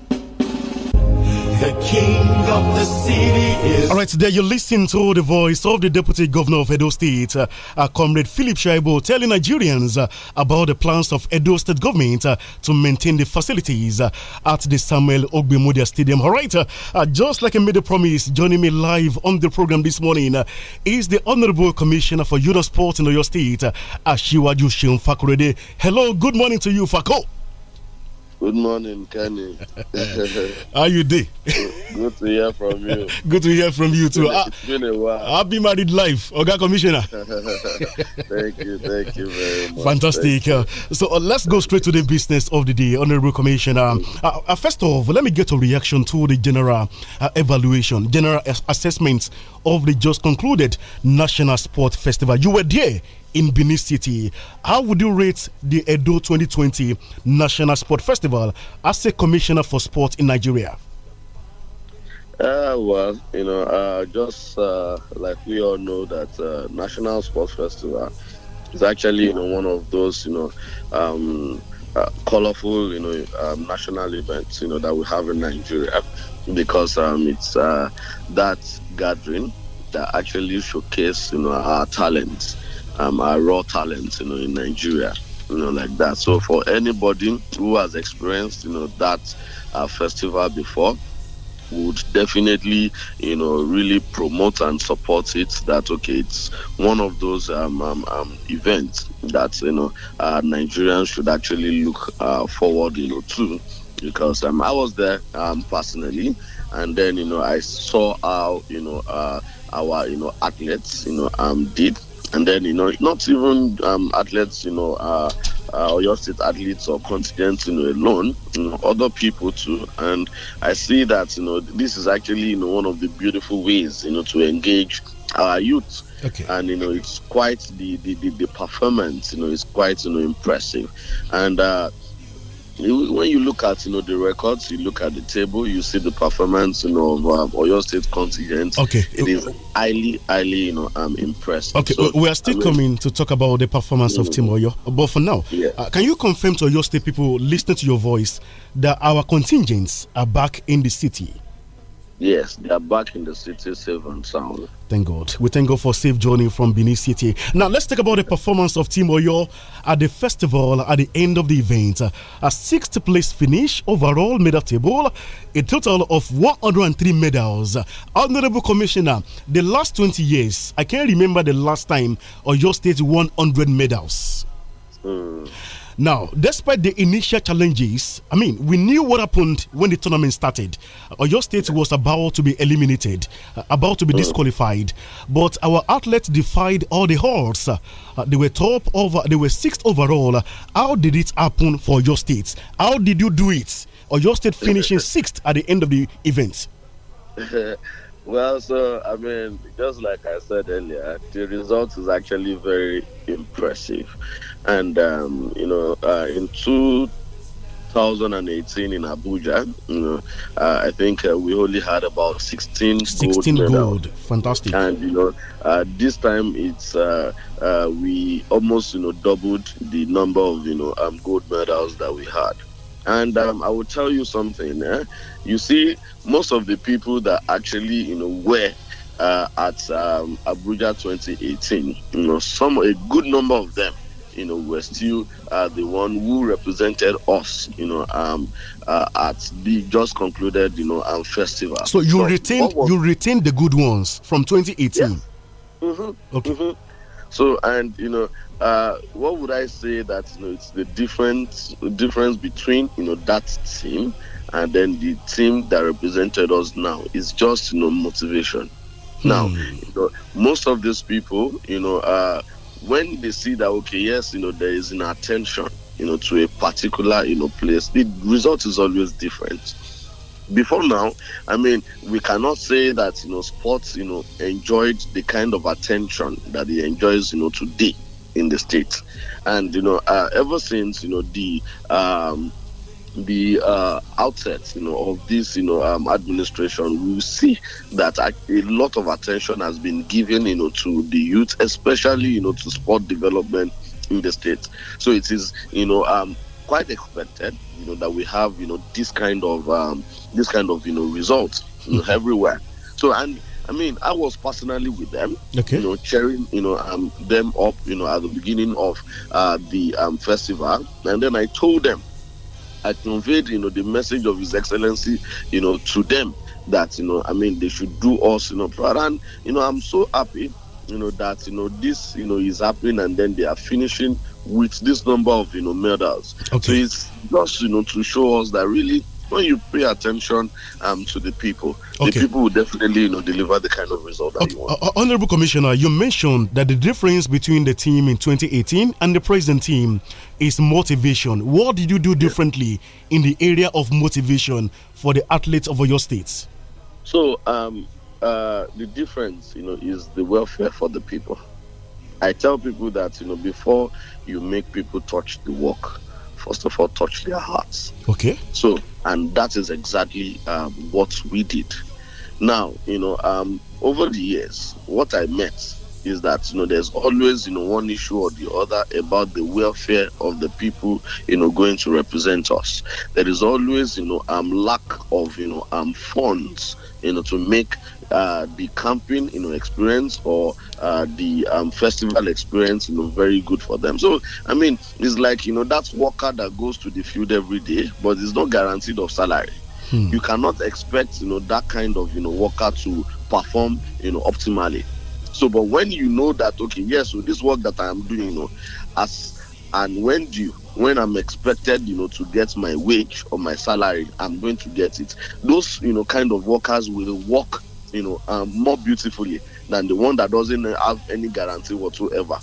The king of the city is. All right, there you listen to the voice of the deputy governor of Edo State, uh, Comrade Philip Shaibo, telling Nigerians uh, about the plans of Edo State government uh, to maintain the facilities uh, at the Samuel Ogbemudia Stadium. All right, uh, just like I made a promise, joining me live on the program this morning is the Honorable Commissioner for Youth Sports in Oyo State, Ashiwaju Shion Fakurede. Hello, good morning to you, Fako. Good morning, Kenny. How you doing? Good to hear from you. Good to hear from you too. It's been a ah, while. Happy married life, Oga Commissioner. thank you, thank you very much. Fantastic. Uh, so uh, let's go straight to the business of the day, Honorable Commissioner. Mm. Uh, uh, first of all, let me get a reaction to the general uh, evaluation, general assessment of the just concluded National Sport Festival. You were there in Benin City. How would you rate the Edo 2020 National Sport Festival as a commissioner for sport in Nigeria? Uh, well, you know, uh, just uh, like we all know that uh, National Sports Festival is actually, you know, one of those, you know, um, uh, colorful, you know, um, national events, you know, that we have in Nigeria, because um, it's uh, that gathering that actually showcase, you know, our talents um, our raw talent, you know, in Nigeria, you know, like that. So for anybody who has experienced, you know, that uh, festival before, would definitely, you know, really promote and support it. That okay, it's one of those um, um, um, events that you know uh, Nigerians should actually look uh, forward, you know, to, because um, I was there um, personally, and then you know I saw how you know uh, our you know athletes you know um did and then you know not even um, athletes you know uh, uh, your state athletes or continents you know alone you know, other people too and i see that you know this is actually you know one of the beautiful ways you know to engage our youth okay. and you know it's quite the, the the, the performance you know is quite you know impressive and uh when you look at you know the records, you look at the table, you see the performance you know of um, Oyo State contingent. Okay, it is highly, highly you know I'm um, impressed. Okay, so, we are still I mean, coming to talk about the performance mm -hmm. of Team Oyo, but for now, yeah. uh, can you confirm to Oyo State people listening to your voice that our contingents are back in the city? Yes, they are back in the city safe and sound. Thank God. We thank God for safe journey from Benin City. Now let's talk about the performance of Team Oyo at the festival at the end of the event. A sixth place finish overall medal table, a total of 103 medals. Honorable Commissioner, the last 20 years, I can't remember the last time Oyo State won 100 medals. Mm. Now, despite the initial challenges, I mean, we knew what happened when the tournament started. Uh, your state was about to be eliminated, uh, about to be hmm. disqualified, but our athletes defied all the odds. Uh, they were top over, they were sixth overall. How did it happen for your state? How did you do it? your state finishing sixth at the end of the event? Well, so I mean, just like I said earlier, the result is actually very impressive. And, um, you know, uh, in 2018 in Abuja, you know, uh, I think uh, we only had about 16, 16 gold. gold. Fantastic. And, you know, uh, this time it's, uh, uh, we almost, you know, doubled the number of, you know, um, gold medals that we had. And um, I will tell you something. Eh? You see, most of the people that actually, you know, were uh, at um, Abuja 2018, you know, some a good number of them you know, we're still uh, the one who represented us, you know, um, uh, at the just concluded, you know, um, festival. So you so retained was, you retained the good ones from 2018. Yes. Mm -hmm, okay. Mm -hmm. So and you know, uh, what would I say that you know it's the difference difference between you know that team and then the team that represented us now is just you know motivation. Now, hmm. you know, most of these people, you know, uh, when they see that okay, yes, you know, there is an attention, you know, to a particular, you know, place, the result is always different. Before now, I mean, we cannot say that you know sports, you know, enjoyed the kind of attention that it enjoys, you know, today in the states, and you know, uh, ever since you know the um, the uh, outset, you know, of this, you know, um, administration, we will see that a, a lot of attention has been given, you know, to the youth, especially, you know, to sport development in the state. So it is, you know, um, quite expected, you know, that we have, you know, this kind of, um, this kind of, you know, results you know, everywhere. So and I mean, I was personally with them, okay. you know, cheering, you know, um, them up, you know, at the beginning of uh, the um, festival, and then I told them I conveyed, you know, the message of His Excellency, you know, to them that, you know, I mean, they should do us, you know, proud. And, you know, I'm so happy, you know, that, you know, this, you know, is happening and then they are finishing with this number of, you know, murders. Okay. So it's just, you know, to show us that really when you pay attention um, to the people, okay. the people will definitely you know, deliver the kind of result that okay. you want. Uh, uh, Honorable Commissioner, you mentioned that the difference between the team in 2018 and the present team is motivation. What did you do differently yeah. in the area of motivation for the athletes of your states? So, um, uh, the difference, you know, is the welfare for the people. I tell people that you know before you make people touch the work, first of all touch their hearts. Okay. So and that is exactly um, what we did. Now, you know, um, over the years, what I met is that you know there's always you know one issue or the other about the welfare of the people you know going to represent us. There is always you know um lack of you know um funds you know to make uh, the camping you know experience or uh, the um, festival experience you know very good for them so i mean it's like you know that worker that goes to the field every day but it's not guaranteed of salary hmm. you cannot expect you know that kind of you know worker to perform you know optimally so but when you know that okay yes so this work that i am doing you know as and when due when i'm expected you know to get my wage or my salary i'm going to get it those you know kind of workers will work you know, um, more beautifully than the one that doesn't have any guarantee whatsoever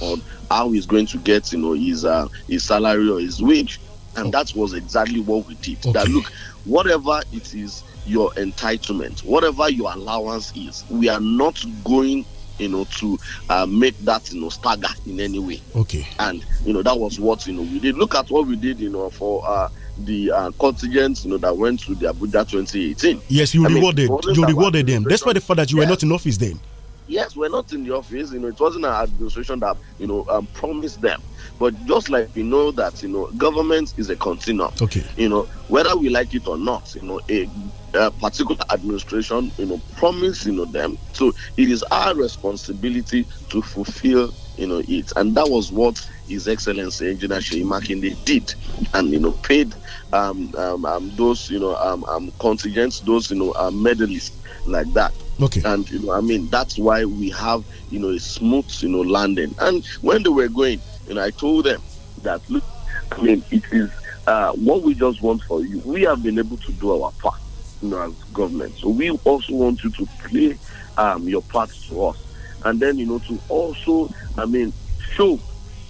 on how he's going to get, you know, his uh, his salary or his wage. And that was exactly what we did. Okay. That look, whatever it is, your entitlement, whatever your allowance is, we are not going you know to uh, make that you know stagger in any way okay and you know that was what you know we did look at what we did you know for uh the uh, contingents you know, that went to the Abuja 2018. Yes, you I rewarded mean, you rewarded them, why the fact that you were not in office then. Yes, we're not in the office. You know, it wasn't our administration that you know um, promised them. But just like we know that you know, government is a continuum. Okay. You know, whether we like it or not, you know, a, a particular administration, you know, promise you know them. So it is our responsibility to fulfill you know, it. And that was what His Excellency Engineer Sheyi Makinde did, and you know, paid um, um, um, those you know um, um, contingents, those you know uh, medalists like that. Okay. And you know, I mean, that's why we have you know a smooth you know landing. And when they were going, you know, I told them that look, I mean, it is uh, what we just want for you. We have been able to do our part, you know, as government. So we also want you to play um, your part to us and then you know to also I mean show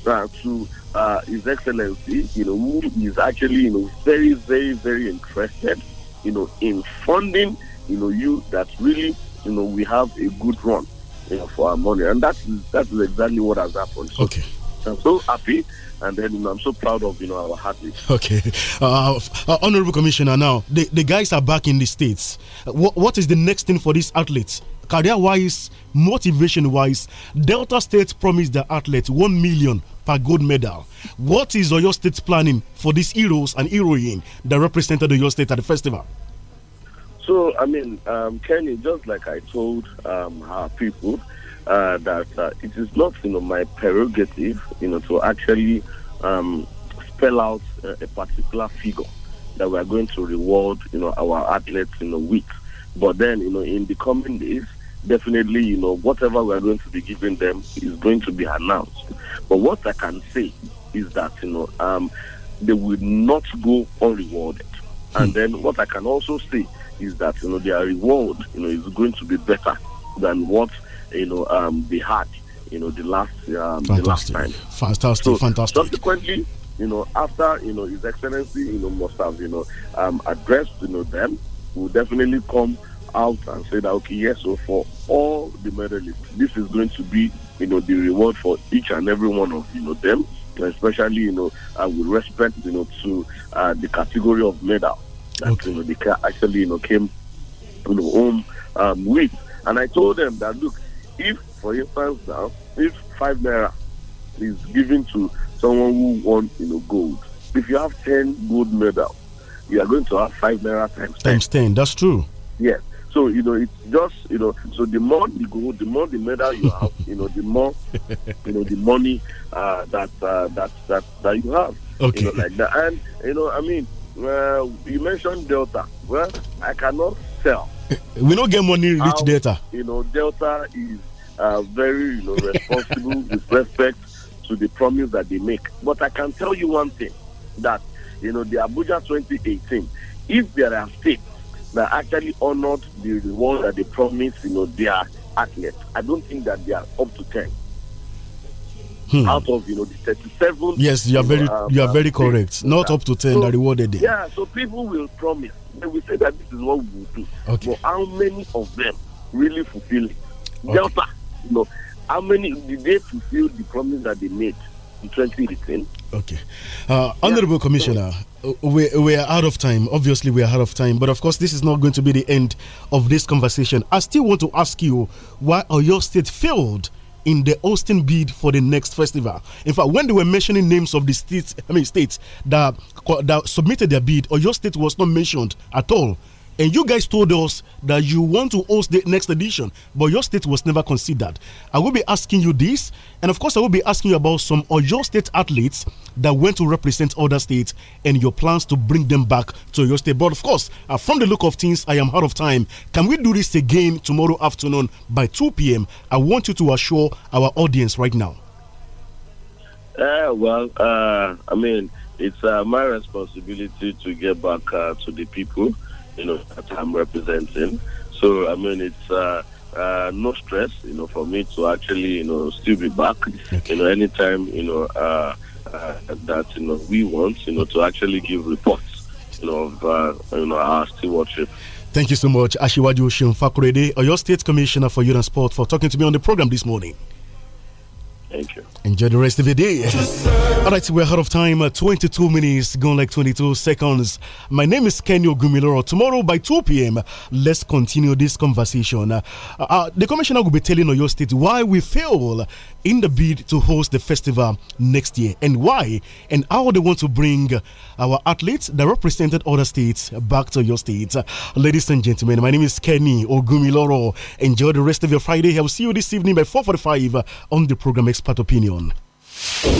uh, to uh, His Excellency you know who is actually you know very very very interested you know in funding you know you that really you know we have a good run you know, for our money and that is that is exactly what has happened. Okay. I'm so happy and then you know, I'm so proud of you know our hardware. Okay, uh, uh, honorable commissioner. Now the, the guys are back in the states. What what is the next thing for these athletes? career wise, motivation wise, Delta State promised their athletes 1 million per gold medal. What is Oyo State planning for these heroes and heroine that represented Oyo State at the festival? So, I mean, um, Kenny, just like I told um, people, uh, that uh, it is not, you know, my prerogative, you know, to actually um, spell out uh, a particular figure that we are going to reward, you know, our athletes, in a week. But then, you know, in the coming days, definitely, you know, whatever we are going to be giving them is going to be announced. But what I can say is that, you know, um, they will not go unrewarded. And then what I can also say is that, you know, their reward, you know, is going to be better than what, you know, um, they had, you know, the last, um, the last time. Fantastic, so, fantastic. Subsequently, you know, after, you know, His Excellency, you know, must have, you know, um, addressed, you know, them, will definitely come out and say that okay, yes, so for all the medalists, this is going to be, you know, the reward for each and every one of, you know, them, especially, you know, uh, with respect, you know, to uh, the category of medal that, okay. you know, they actually, you know, came, you know, home um, with. And I told them that, look, if, for instance, now, if five naira is given to someone who won, you know, gold, if you have 10 gold medals, you are going to have five naira times 10. Times 10, that's true. Yes. So you know, it's just you know. So the more you go, the more the medal you have, you know, the more you know the money uh, that uh, that that that you have. Okay. You know, like that, and you know, I mean, uh, you mentioned Delta. Well, I cannot sell. We don't get money rich How, Delta. You know, Delta is uh, very you know responsible with respect to the promise that they make. But I can tell you one thing that you know the Abuja 2018. If there are states that actually honored the, the that they promised, you know, their athletes. I don't think that they are up to ten. Hmm. Out of you know the thirty-seven. Yes, you are very um, you are very uh, correct. Not up to ten so, rewarded them. Yeah, so people will promise. They will say that this is what we will do. Okay. But how many of them really fulfill it? Okay. Delta, you know, how many did they fulfill the promise that they made in 2018? Okay. Uh, Honorable Commissioner, uh, we, we are out of time. Obviously, we are out of time. But of course, this is not going to be the end of this conversation. I still want to ask you why your State failed in the Austin bid for the next festival. In fact, when they were mentioning names of the states, I mean states that that submitted their bid, or your State was not mentioned at all and you guys told us that you want to host the next edition, but your state was never considered. I will be asking you this, and of course, I will be asking you about some of your state athletes that went to represent other states and your plans to bring them back to your state. But of course, uh, from the look of things, I am out of time. Can we do this again tomorrow afternoon by 2 p.m.? I want you to assure our audience right now. Uh, well, uh, I mean, it's uh, my responsibility to get back uh, to the people you know, that I'm representing. So, I mean, it's uh, uh, no stress, you know, for me to actually, you know, still be back, okay. you know, anytime, you know, uh, uh that, you know, we want, you know, to actually give reports, you know, of, uh, you know, our stewardship. Thank you so much, Ashiwaju Shimfakurede, your State Commissioner for Youth and Sport, for talking to me on the program this morning. Thank you. Enjoy the rest of your day. All right, we're out of time. Uh, 22 minutes, gone like 22 seconds. My name is Kenny Ogumiloro. Tomorrow by 2 p.m., let's continue this conversation. Uh, uh, the commissioner will be telling Oyo State why we fail in the bid to host the festival next year and why and how they want to bring our athletes that represented other states back to your state. Ladies and gentlemen, my name is Kenny Ogumiloro. Enjoy the rest of your Friday. I will see you this evening by 4.45 on the program. Express expert opinion.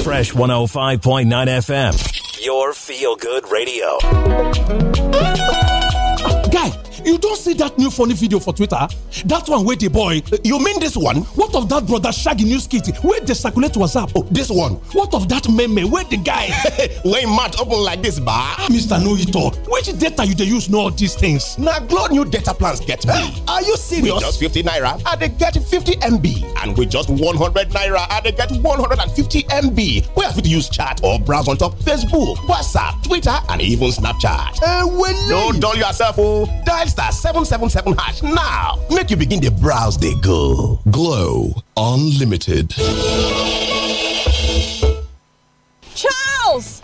Fresh 105.9 FM, your feel good radio. You don't see that new funny video for Twitter? That one with the boy. You mean this one? What of that brother Shaggy news kit where dey circulate WhatsApp? Oh, this one. What of that meme where the guy wey mouth open like this ba? Ah, Mr. No which data you dey use know all these things? Na Glo new data plans get me. Are you serious? With just 50 naira, I they get 50 MB. And with just 100 naira, I they get 150 MB. Where I fit use chat or browse on top Facebook, WhatsApp, Twitter and even Snapchat. Uh, well, no dull yourself oh. Dial star 777 hash now make you begin the browse they go. Glow Unlimited. Charles!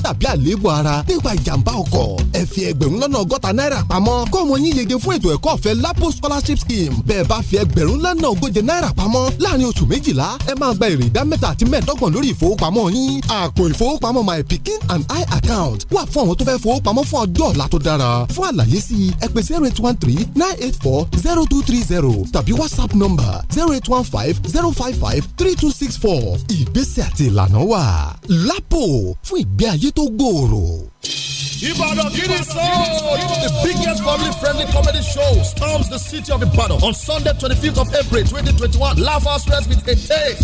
àìsí tàbí àléébù ara nípa ìjàmbá ọkọ̀ ẹ fi ẹgbẹ̀rún lọ́nà ọgọ́ta náírà pamọ́ kọ́mọ yín yege fún ètò ẹ̀kọ́ ọ̀fẹ́ lapo scholarship scheme bẹ́ẹ̀ bá fi ẹgbẹ̀rún lọ́nà ogóje náírà pamọ́ láàrin oṣù méjìlá ẹ máa gba èrè ìdá mẹ́ta àti mẹ́ẹ̀ẹ́dọ́gbọ̀n lórí ìfowópamọ́ yín àpò ìfowópamọ́ my pikin and i account wà fún àwọn tó fẹ́ fowópamọ́ fún ọjọ́ ọ̀la tó dára fún àlàyé sí ẹ pè zero eight one three nine eight four zero two three zero tàbí whatsapp number zero eight one five zero five five three two six four ìgbésẹ̀ àti ìlànà wà lápò fún ìgbé ayé ojú tó gbòòrò. Ibadan Kini Soul, the biggest family-friendly comedy show storms the city of Ibadan on Sunday 25th of April 2021. Laugh our stress with a tape.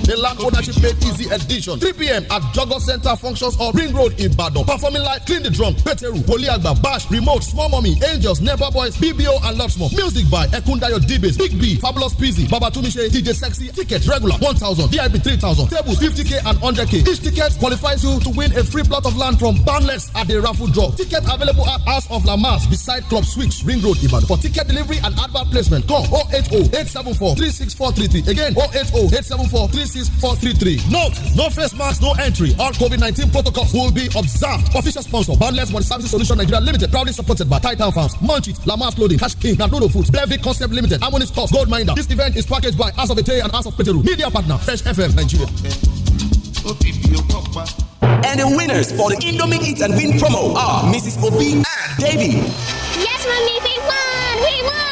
The Landownership Made Easy Edition. 3 p.m. at Jogger Center Functions on Ring Road, in Badon. Performing like Clean the Drum, Peteru, Poliagba, Bash, Remote, Small Mommy, Angels, Never Boys, BBO, and lots more. Music by Ekundayo Dibes, Big B, Fabulous Peasy, Babatumishe, DJ Sexy. Ticket regular 1000, VIP 3000, Table 50k and 100k. Each ticket qualifies you to win a free plot of land from Boundless at the raffle draw. Ticket available at House of Lamas beside Club Switch, Ring Road, Ibadan. For ticket delivery and advert placement, call 080 874 36433. Again, 080 874 three six four three three. Note: No face mask, no entry. All COVID nineteen protocols will be observed. Official sponsor: Boundless Money Services Solution Nigeria Limited. Proudly supported by Titan Farms, Munchit, Lamar Clothing, Cash King, Naruto Foods, Blevi Concept Limited, Harmony Stores, Gold Minder. This event is packaged by House of Ete and House of Peteru. Media partner: Fresh FM Nigeria. And the winners for the Indomie Eat and Win promo are Mrs. Obi and Davy. Yes, mommy, we won! We won!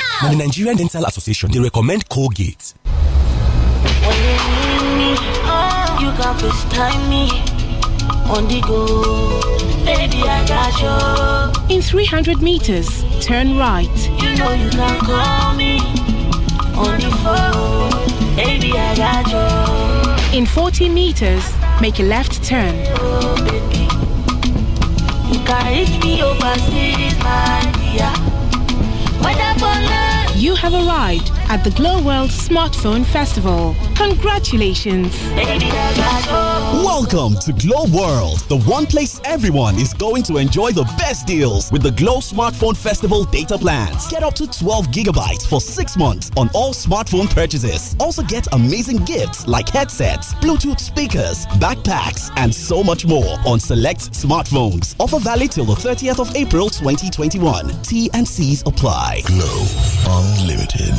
Now, the Nigerian Dental Association, they recommend Colgate. When you need me, you can FaceTime me on the go. Baby, I got you. In 300 meters, turn right. You know you can call me on the phone. Baby, I got you. In 40 meters, make a left turn. Oh, baby. You can reach me my dear. You have arrived at the Glow World Smartphone Festival. Congratulations! Welcome to Glow World, the one place everyone is going to enjoy the best deals with the Glow Smartphone Festival data plans. Get up to 12 gigabytes for six months on all smartphone purchases. Also get amazing gifts like headsets, Bluetooth speakers, backpacks, and so much more on select smartphones. Offer valid till the 30th of April 2021. T and C's apply. Glow um, Unlimited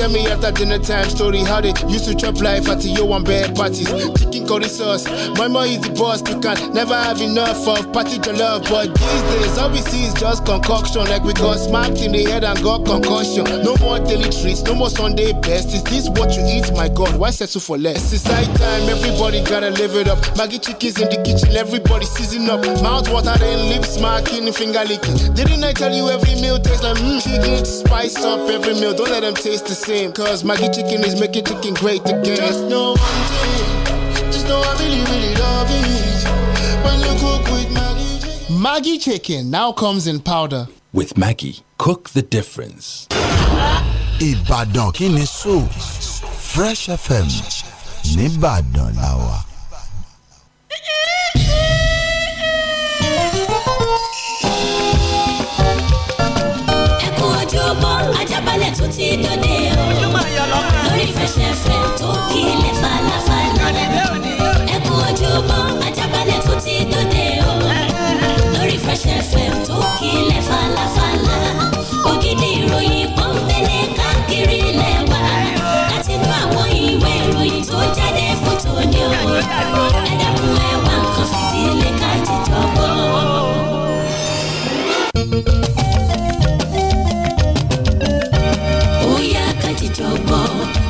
tell me after dinner time story how they used to chop life at yo and bad parties. Chicken curry sauce, my mom is the boss, you can never have enough of party love. But these days, all we see is just concoction, like we got smacked in the head and got concussion. No more daily treats, no more Sunday best. Is this what you eat? My God, why settle for less? It's night time, everybody gotta live it up. Maggie chickens in the kitchen, everybody season up. Mouth water, lips smacking, finger licking. Didn't I tell you every meal tastes like mmm? Chicken spice up every meal, don't let them taste the same same. Cause Maggie chicken is making chicken great again. Just know one thing. Just know I really, really love it. When you cook with Maggie chicken. Maggie chicken now comes in powder. With Maggie, cook the difference. Ibadan kini so Fresh FM Nibadan lawa. Ẹ kú ojúbọ Ajábalẹ̀ tó ti dòde. fẹsẹ̀fẹ̀ tó kílẹ̀ falafala. ẹ kú ojúmọ́ ajábalẹ̀ tó ti dòde o. lórí fẹsẹ̀fẹ̀ tó kílẹ̀ falafala. ògidì ìròyìn pọ́npẹ́lẹ́ káàkiri ilẹ̀ wa. láti inú àwọn ìwé ìròyìn tó jáde fún tòní o. ẹ dẹ́kun nǹkan fìdílé ká jíjọ gbọ́. ó yá ká jíjọ gbọ́.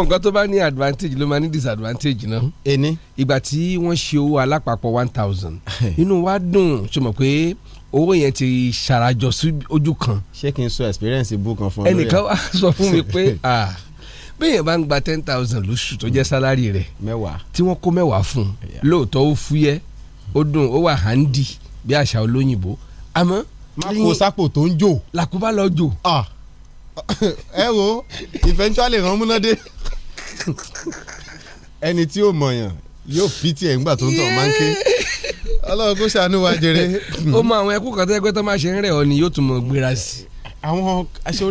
gbogbo nǹkan tó bá ní advantage ló máa ní disadvantage náà. ẹni. ìgbà tí wọ́n ṣe owó alápapọ̀ one thousand inú wa dùn ṣe mọ̀ pé owó yẹn ti ṣàràjọ sí ojú kan. ṣé kí n sọ experience bú kan fún ọ lóye. ẹnìkan wá sọ fún mi pé bẹ́ẹ̀ bá ń gba ten thousand lóṣù tó jẹ́ sálárì rẹ̀ mẹ́wàá tí wọ́n kó mẹ́wàá fún un lóòótọ́ ó fúyẹ́ ó dùn ó wà handy bí àṣà olóyìnbó àmọ́. má kó sápò tó ń jò. làkúbá lọ jò. ẹ wo eventually rán múná dé. ẹni tí ó mọ̀yàn yóò fi tiẹ̀ ńgbà tó ń tọ̀ máa ń ké ọlọ́run kó ṣàánú wa ó mọ àwọn ẹkú kan tó yẹ ṣe ń rẹ̀ ọ ni yóò tún mọ̀ gbéra sí i àwọn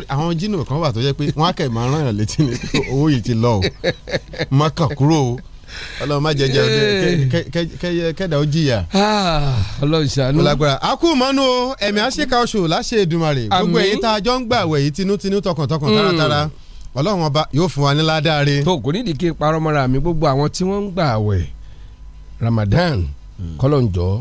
àwọn jínú kan wà tó jẹ́ pé á máa rán yàn létí ni owó yìí o má kúrò o má jẹjẹ ọdẹ kẹdà ó jìyà. Ah, ṣàánú. o àṣekà oṣù láṣẹ gbogbo a jọ ń gbà tinútinú tọkàntọkàn mm. ọlọ́run ọba yóò fún wa ní ládàáre. tó kò nídìí kí parọ́ mọ́ra mi gbogbo àwọn tí wọ́n ń gbà àwẹ̀ Ramadan kọ́lọ́njọ́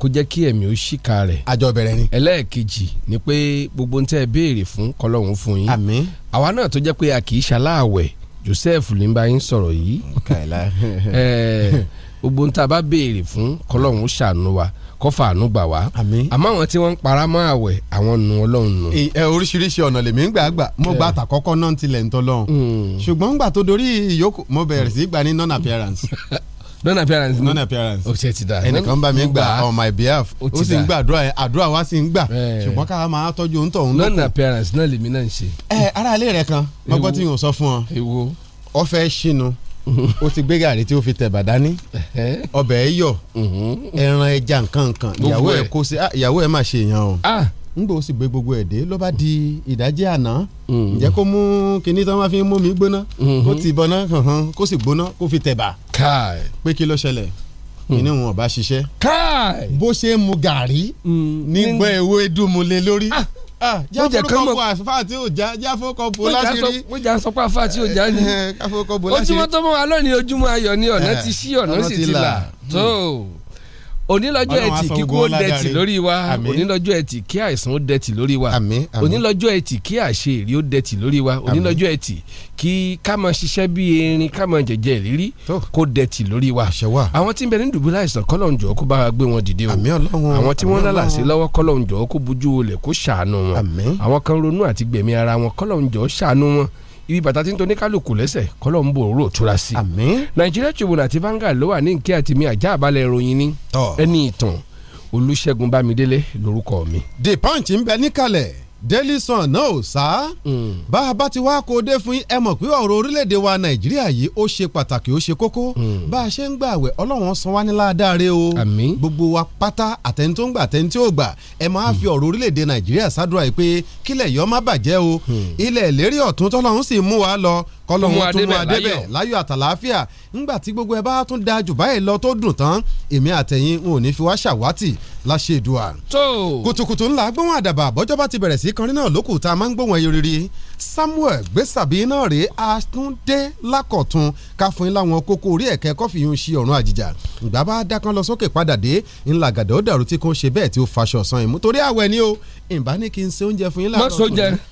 kó jẹ́ kí ẹ̀mí ó ṣìkà rẹ̀. àjọ bẹ̀rẹ̀ ni. ẹlẹ́ẹ̀kejì ni pé gbogbo ń tẹ́ ẹ béèrè fún kọ́lọ́run fún yín. àmín. àwa náà tó jẹ́ pé a kì í ṣaláàwẹ̀ Joseph ló ń bá yín sọ̀rọ̀ yìí. gbogbo ń tá a bá béèrè fún kọ́lọ́run ṣàánú wa kọ́fà àánú gbà wá àmọ́ àwọn tí wọ́n ń para mọ́ àwẹ̀ àwọn nu ọlọ́run nù. ẹ oríṣiríṣi ọ̀nà lèmi ń gbà gbà mo gba àtàkọ́kọ́ náà tilẹ̀ ń tọ́lọ́run hmm. ṣùgbọ́n gbà tó dorí ìyókù mo bẹ̀rẹ̀ sí gbà ní non appearance non appearance non appearance o ṣe ti da ẹnìkan bá mi gbà on my behalf o sì ń gbà àdúrà yẹn àdúrà wa sì ń gbà ṣùgbọ́n ká máa tọ́jú ohun tọ̀hún lọ́kùn non appearance náà lèmi náà ń ṣe. ẹ aráalé rẹ kan mọ́gbọ́n ó ti gbé gàrí tí ó fi tẹ̀bà dání ọbẹ̀ ẹ yọ ẹran ẹja nǹkan ìyàwó ẹ kó sí ah, ìyàwó ẹ má ṣe èèyàn o ngbò ah, sì gbé gbogbo ẹ̀ dé ló bá di ìdájẹ́ àná hmm. ǹjẹ́ kó mú kinní tí wọ́n máa fi mú mi gbóná hmm. kó ti bọ́ná kó sì gbóná kó fi tẹ̀bà pé kí ló ṣẹlẹ̀ hmm. inú wọn ọba ṣiṣẹ́ bó ṣe mu gàrí nígbà ewé dùnmulẹ̀ lórí. Ah. Ah, jẹ́ fọ́nkọ́ bo àfa tí ò já já fọ́nkọ́ bo láṣìírí. mo jà sọ pé àfa tí ò já ni ojúmọ́ tó mọ́ wa lónìí ojúmọ́ ayọ̀ ni ọ̀nà eh, ti ṣí ọ̀nà sì ti là tó onílọ́jọ́ ẹtì kíkú ó dẹ̀tì lórí wa onílọ́jọ́ ẹtì kí àìsàn ó dẹ̀tì lórí wa onílọ́jọ́ ẹtì kí àṣeyìrí ó dẹ̀tì lórí wa onílọ́jọ́ ẹtì kí ká máa ṣiṣẹ́ bí erin ká máa jẹ̀jẹ̀ ìrírí kó dẹ̀tì lórí wa àwọn tí ń bẹ ní dùbúlẹ̀ àìsàn kọ́lọ́hún jọ̀ọ́ kó bá wa gbé wọn dìde o àwọn tí wọ́n lálà sí lọ́wọ́ kọ́lọ́hún jọ̀ọ́ kó bójú olè kó ṣàánú wọn àwọn kan ronú àti gbẹ̀mí ara wọn kọ́lọ́hún jọ̀ọ́ ṣàánú wọn ibi bàtà tí ń to oníkálukú lẹ́sẹ̀ kọ́lọ̀ ń bò rò tura sí. àmín. Nigeria Tribune àti Vanguard ló wà ní nkí àti mi àjá àbálẹ̀ ìròyìn ní ẹni ìtàn Olúṣẹ́gun Bámidélé lórúkọ mi. The Punch ń bẹ níkàlẹ̀ Daily Sun náà ò sá. Hmm. bá a bá ti wá kó o dé fún yín ẹ mọ̀ pé ọ̀rọ̀ orílẹ̀-èdè wa Nàìjíríà yìí ó ṣe pàtàkì ó ṣe kókó. Hmm. bá a ṣe ń gbà àwẹ̀ Ọlọ́run san wá ní ládàáre o. àmín. gbogbo wa pátá àtẹni tó ń gbà àtẹni tí ò gbà ẹ máa hmm. fi ọ̀rọ̀ orílẹ̀-èdè Nàìjíríà ṣàdúrà yìí kílẹ̀ yọ má bàjẹ́ o. ilẹ̀ ìlérí ọ̀tún tọ́lọ́run sì mú wa lọ kọlọ́hún tó mú adébẹ̀ láyọ̀ àtàlàáfíà ńgbà tí gbogbo ẹ bá tún da jù báyìí lọ tó dùn tán èmi àtẹ̀yìn n ò ní fi wá ṣàwátì láṣẹ ìdùà. kùtùkùtù ńlá gbóhùn àdàbà bọ́jọ́ bá ti bẹ̀rẹ̀ sí kanrin náà lókù máa ń gbóhùn ẹyọ rírì Samuel gbèsàbí náà rèé àtúndé lákọ̀tún káfíń láwọn kókó orí ẹ̀kẹ́ kọ́fì yìí ń ṣe ọ̀run àjìjà ìgbà bá dákan lọ sókè padà dé ńlá gàdá ó dàrú tí kò ń ṣe bẹ́ẹ̀ tí ó faṣọ ọ̀sán ìmú torí àwẹ̀ ni o ìbá ní kí n ṣe oúnjẹ fún yín láàárọ̀ ọ̀tún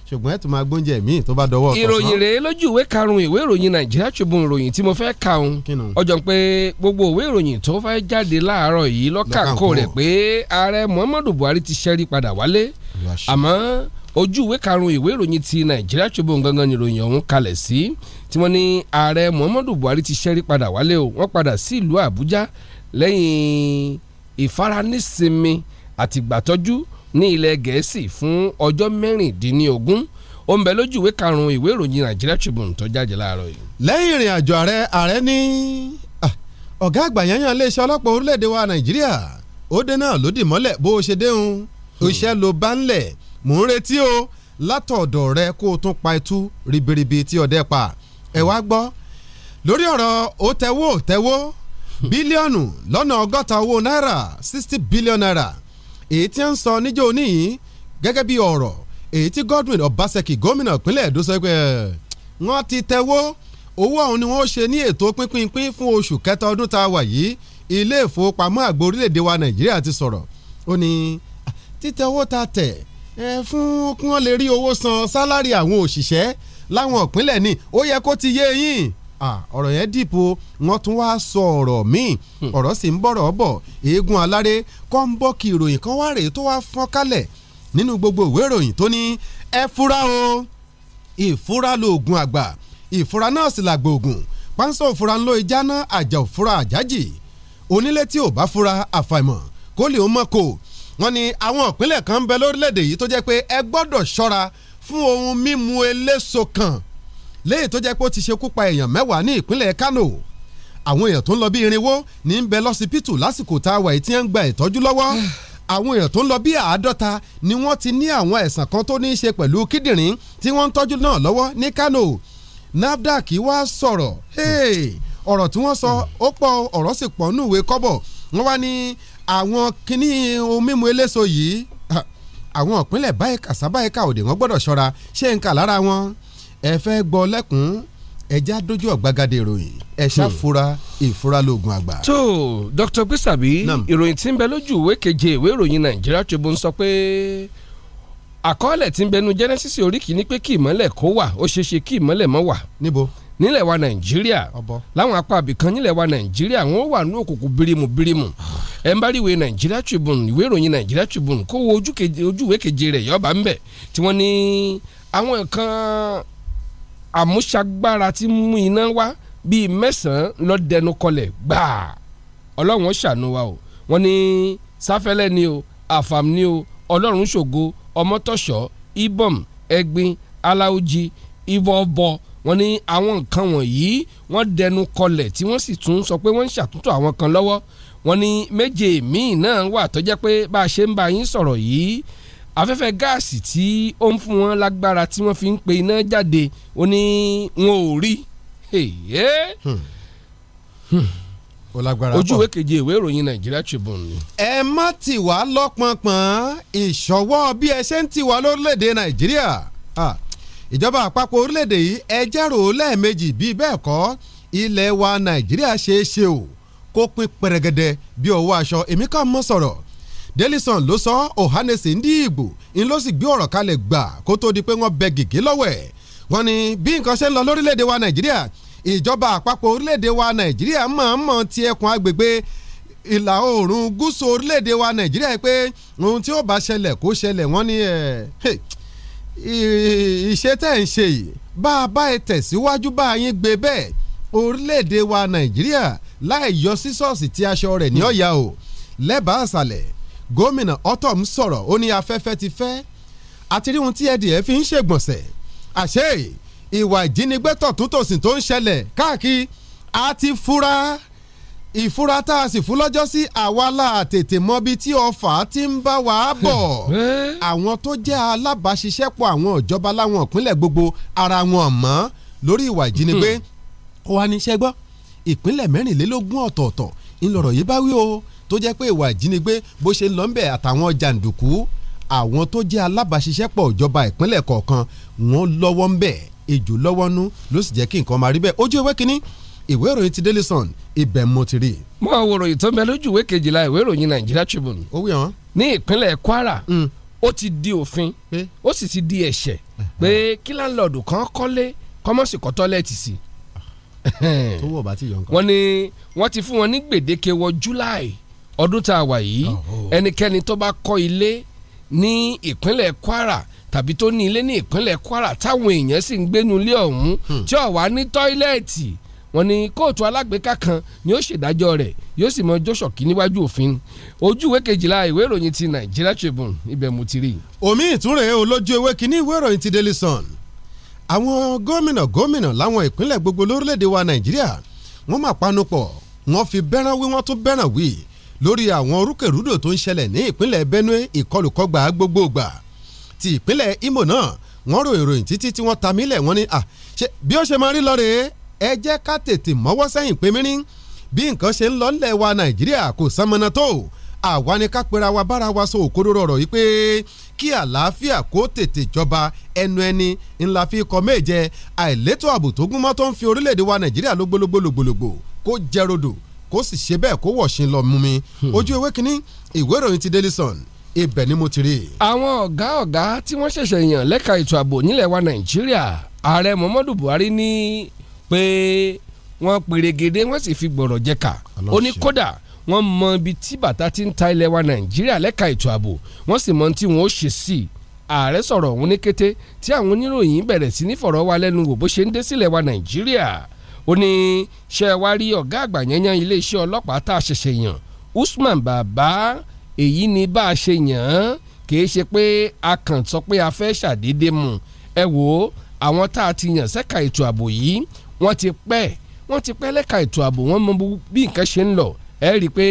ṣùgbọ́n ẹ̀ tún máa gbóúnjẹ míì tó bá dọwọ́ ọ̀tún. ìròyìn rèé lójú ìwé karùn-ún ìwé ìròyìn Nàìjíríà Tribune ìròyìn tí mo fẹ́ ka òun ọjọ́ pé gbogbo ìwé ìròyìn tó fẹ́ jáde láàárọ̀ yìí lọ́kàkó rẹ̀ pé ààrẹ Muhammadu Buhari ti ṣẹ́rí padà wálé àmọ́ ojú ìwé karùn-ún ìwé ìròyìn ti nàìjíríà Tribune gangan ni ìròyìn ọ̀hún kalẹ̀ sí tí wọ́n ní ààrẹ muhammadu buhari ti ṣẹ́rí padà wálé o wọ́n padà sí ìlú àbújá lẹ́yìn ìfaranísinmi àtìgbàtọ́jú ní ilẹ̀ gẹ̀ẹ́sì fún ọjọ́ mẹ́rìndínlógún ó ń bẹ lójú ìwé karùn-ún ìwé ìròyìn nàìjíríà Tribune tó jáde láàárọ̀ yìí. lẹ́yìn ìrìn àjò ààrẹ ààrẹ ní ah, ọ̀gá àgbà yanyan iléeṣẹ́ ọlọ́pàá orílẹ̀-èdè wa nàìjíríà ó dé náà lódì mọ́lẹ̀ bó o ṣe déhùn iṣẹ́ ló bá ń lẹ̀ mò ń retí o látọ̀dọ̀ rẹ kó o tún pa itú ribiribi tí ọdẹ pa ẹ wá gbọ́ lórí ọ̀rọ̀ ó tẹ́wó tẹ́wó bílíọ̀nù lọ́nà ọgọ́ta owó náírà sixty billion naira èyí tí ń sọ níjó níyìn gẹ́gẹ́ bí ọ̀rọ̀ èyí tí Godwin Obaseki gómìnà ìpínlẹ̀ Èdó sọ pé wọ́n ti tẹ́wó owó ọ̀hún ni wọ́n ṣe ní ètò pínpín fún oṣù kẹta ọdún tá a wà yìí ilé ìfowópamọ́ àgbò orílẹ̀-èdè wa Nàìjíríà ti sọ̀rọ̀ ó ní títẹ̀wó ta tẹ̀ fún kí wọ́n lè rí owó san sálárì àwọn òṣìṣẹ́ láwọn ìpínlẹ̀ ni ó yẹ kó ti yé yín ọ̀rọ̀ yẹn dìbò wọ́n tún wá sọ ọ̀rọ̀ míì hmm. ọ̀rọ̀ sì ń bọ̀rọ̀ bọ̀ eégún aláré kọ́ ń bọ́ kí ìròyìn kan wá rèé tó wá fọ́n kálẹ̀ nínú gbogbo ìwé ìròyìn tó ní ẹ fura o ìfura lóògùn àgbà ìfura náà sì làgbà ògùn pánsá òfura ńlọ ìjáná àjà òfura àjájì onílé tí ò bá fura àfàìmọ̀ kó lè ó mọ̀ kò wọ́n ní àwọn ìpínlẹ̀ kan ń bẹ lórílẹ̀‐èdè yìí tó jẹ́ pé ẹ gbọ́dọ̀ ṣọ́ra fún ohun mímu eléso kan léyìí tó jẹ́ pé ó ti ṣekú pa èèyàn mẹ́wàá ní ìpínlẹ̀ Kano àwọn èèyàn tó ń lọ bí irinwó ní ń bẹ lọ́sibítù lásìkò tá a wà yìí tí ń gba ìtọ́jú lọ́wọ́ àwọn èèyàn tó ń lọ bí àádọ́ta ni wọ́n ti ní àwọn ẹ̀sàn kan tó ní í ṣe pẹ̀lú kíndìnrín tí wọ́n ń tọ́jú náà lọ́wọ́ ní Kano NAFDAC wá sọ̀rọ̀ ọ̀rọ̀ tí wọ́n sọ ó pọ̀ ọ̀rọ̀ sì pọ̀ nùwé kọ́bọ̀ wọ́n wá ní àwọn kínní ohun mímu eléso yìí àwọn ìpínlẹ̀ báyìí báyìí ká òde wọn gbọ́dọ̀ ṣọ́ra ṣé n kà lára wọn ẹ fẹ́ gbọ́ lẹ́kùn ẹja dójú ọ̀gbagadé ìròyìn ẹ̀ṣá hmm. fura ìfura lóògùn àgbà. tó Dr. gbèsàbí ìròyìn tí ń bẹ lójú ìwé keje ìwé ìròyìn Nàìjíríà Tribune sọ pé àkọọ́lẹ̀ tí ń bẹnu Genesis orí kìíní pé kí ìmọ́lẹ̀ kó wà ó ṣeéṣe kí ìmọ́lẹ̀ mọ́ wà. níbo nílẹ̀ wa nàìjíríà láwọn apá abìkan nílẹ̀ wa nàìjíríà wọ́n wà ní òkùnkùn bírímù bírímù ẹ̀ ń bá ríwèé nàìjíríà Tribune ìwé ìròyìn nàìjíríà Tribune kó wo ojúwe keje rẹ̀ yọba ń bẹ̀ tí wọ́n ní àwọn nǹkan àmúṣagbára tí mú iná wá bíi mẹ́sàn-án lọ dẹnu kọlẹ̀ gbàá ọlọ́run ó ṣàánú wa o wọ́n ní sáfẹ́lẹ́ ni o àfàm ni o ọlọ́run ṣògo ọmọtọ́ṣọ́ ibom ẹ̀gbin aláòjì ìbọ̀bọ̀ wọ́n ní àwọn nǹkan wọ̀nyí wọ́n dẹnu kọlẹ̀ tí wọ́n sì tún sọ pé wọ́n ń ṣàtúntò àwọn kan lọ́wọ́ wọ́n ní méje míì náà wà tó jẹ́ pé bá a ṣe ń bá yín sọ̀rọ̀ yìí afẹ́fẹ́ gáàsì tí ó ń fún wọn lágbára tí wọ́n fi ń pe iná jáde ó ní wọn ò rí hmm. Hmm. ojú ìwé keje ìwé ìròyìn Nigeria Tribune ni. ẹ má tì wá lọ́pọ̀npọ̀n ìṣọwọ́ bí ẹ ṣe ń tì wá lórílẹ̀‐èdè Nàìjíríà ah ìjọba àpapọ̀ orílẹ̀-èdè yìí ẹ jẹ́rò lẹ́ẹ̀mejì bíi bẹ́ẹ̀ kọ́ ilẹ̀ wa nàìjíríà ṣe é ṣe o kó pín pẹ̀rẹ̀gẹ̀dẹ̀ bí ọwọ́ aṣọ èmi kàn mọ́ sọ̀rọ̀ delison ló sọ Ohanaeze Ndigbo ń ló sì gbé ọ̀rọ̀ kalẹ̀ gbà kó tó di pé wọ́n bẹ gègé lọ́wọ́ ẹ̀ wọ́n bí nǹkan ṣe ń lọ lórílẹ̀‐èdè wa nàìjíríà ìjọba àpapọ̀ orílẹ̀‐èdè wa nàìjíríà mọ̀-mọ̀ ti ẹkùn agbègbè ìlà oòrùn gúúsù orílẹ̀‐èdè wa nàìjíríà pé ohun tí ó bá ṣẹlẹ̀ kó ṣẹlẹ̀ wọ́n ní ẹ̀ iṣẹ́ tẹ̀ ń ṣe yìí bá a bá ẹ tẹ̀síwájú bá a yín gbé bẹ́ẹ̀ orílẹ̀-èdè wa nàìjíríà láì yọ sí ṣọ́ọ̀ṣì tí aṣọ rẹ̀ ní ọ̀yà o lẹ́bàá àṣàlẹ̀ gómìnà otom sọ̀rọ̀ ó ní afẹ́fẹ́ ti fẹ́ àti rí ohun tí ẹ̀dìẹ̀ fi ń ṣègbọ̀nsẹ̀ àṣẹ ìwà ìjínigbé tọ̀tún tòsìn tó ń ṣẹlẹ̀ káàkiri àti fura ìfura tá a sì fún lọ́jọ́ sí àwa la tètè mọbi tí ọfà ti ń bá wa bọ̀ eh? àwọn tó jẹ́ alábàáṣiṣẹ́pọ̀ àwọn ìjọba láwọn ìpínlẹ̀ gbogbo ara wọn mọ́ lórí ìwà ìjínigbé hmm. ó wà ní sẹ́gbọ́ ìpínlẹ̀ mẹ́rìnlélógún ọ̀tọ̀ọ̀tọ̀ ńlọrọ̀ yìí bá wí o tó jẹ́ pé ìwà ìjínigbé bó ṣe ń lọ ńbẹ̀ àtàwọn jàǹdùkú àwọn tó jẹ́ alábàáṣiṣẹ́pọ̀ ìjọba ìpínlẹ̀ kọ̀ọ̀kan wọ́n lọ́wọ́ ńbẹ̀ ejò lọ́wọ́ ló sì jẹ́ kí nǹkan máa rí bẹ́ẹ̀ ojú ewé kínní ìwé ìròyìn ti Daily Sun ibẹ̀ mo ti rí i. mo àwọn òròyìn tó ń bẹ lójú ìwé kejìlá ìwé ìròyìn Nigeria Tribune. ó wí hàn. ní ìpínlẹ̀ Kwara hmm. ó ti di òfin ó sì ti di ẹ̀ṣẹ̀ pé kí láńlọ́ọ̀dù kan kọ́lé kọ́mọ́sì kọ́ tọ́lẹ́ẹ̀tì sí. tó wọ̀ bá ti yọ̀ nǹkan. wọ́n ní wọ́n ti fún wọn ní gbèdéke wọ July ọdún tá a wà yìí ẹnikẹ́ni tó bá kọ́ ilé ní ìpínlẹ̀ Kwara tàbí tó ní ilé ní ìpínlẹ̀ Kwara táwọn èèyàn sì ń gbénu ilé ọ̀hún hmm. tí ó wà ní tọ́ílẹ̀tì wọ́n ní kóòtù alágbèéká kan ni ó ṣèdájọ́ rẹ̀ yóò sì mọ jóṣọ kí níwájú òfin ojú ìwé kejìlá ìwé ìròyìn ti Nigeria Tribune ibẹ̀ mo ti rí i. omi ìtúnrẹ̀ olójú ewé kínní ìwé ìròyìn ti Daily Sun àwọn gómìnà gómìnà láwọn ìpínlẹ̀ gbogbo lórílẹ̀‐èdè wa Nàìjíríà wọ́n máa panupọ̀ wọ́n fi bẹ́ràn wí wọ́n tún bẹ́ràn wí lórí àwọn orúkèrúdò tó ń ṣẹlẹ̀ ní ìpínlẹ̀ Benue ìkọlùkọgbà gbogbogbà ti ìpínlẹ̀ Imo náà wọ́n ròyìn ròyìn títí tí wọ́n ta mílẹ̀ wọ́n ní bí ó ṣe máa rí lọ rèé ẹ jẹ́ ká tètè mọ́wọ́ sẹ́yìn pé mìíràn bí nǹkan ṣe ń lọ nílẹ̀ wa nàìjíríà kò sánmọ́nà tó àwa ni ká pera wa bára wa sọ òkodoro ọ̀rọ̀ yìí pé kí àlàáfíà kó tètè jọba ẹnu ẹni ńlá fi kọ méje àìlétò ààbò tó gúnmọ́ tó ń fi orílẹ̀-èdè wa nàìjíríà lógbólógbòlògbòlògbò kó jẹ́ rodò kó sì ṣe bẹ́ẹ̀ kó wọ̀ṣin lọ mú mi hmm. ojú ewé kínní ìwé ìròyìn ti Daily Sun ibẹ̀ ni mo ti rí. àwọn ọ̀gá ọ̀gá tí wọ́n ṣẹ̀ṣẹ̀ yàn lẹ́ka ètò ààbò nílẹ̀ wa nàìjíríà ààrẹ muhammadu buhari ní pé wọ́n pèrègèdè wọ́n sì fi gbọ̀rọ̀ jẹ́ka ó ní kódà wọ́n mọ ibi tí bàtà ti ń ta ilẹ̀ wa nàìjíríà lẹ́ka ètò ààbò wọ́n sì mọ tí wọ́n ó ṣe sí i ààrẹ sọ̀rọ̀ òun ní kété tí àwọn oníròyìn bẹ̀rẹ̀ sí ní fọ̀rọ̀ wa lẹ́nu wò bó ṣe ń dé sílẹ̀ wa nàìjíríà ó ní ṣe wá rí ọ̀gá àgbà yanyan iléeṣẹ́ ọlọ́pàá tá a ṣẹ̀ṣẹ̀ yàn Usman Baba èyí ni bá a ṣe yàn án kìí ṣe pé a kàn sọ pé a fẹ́ ṣàdédé mu ẹ wò ó àwọn tá a ti yàn sẹ́ka ètò ààbò yìí wọ́n ti pẹ́ wọ́n ti pẹ́ lẹ́ka ètò ààbò wọ́n mọ bí nǹkan ṣe ń lọ ẹ rí i pé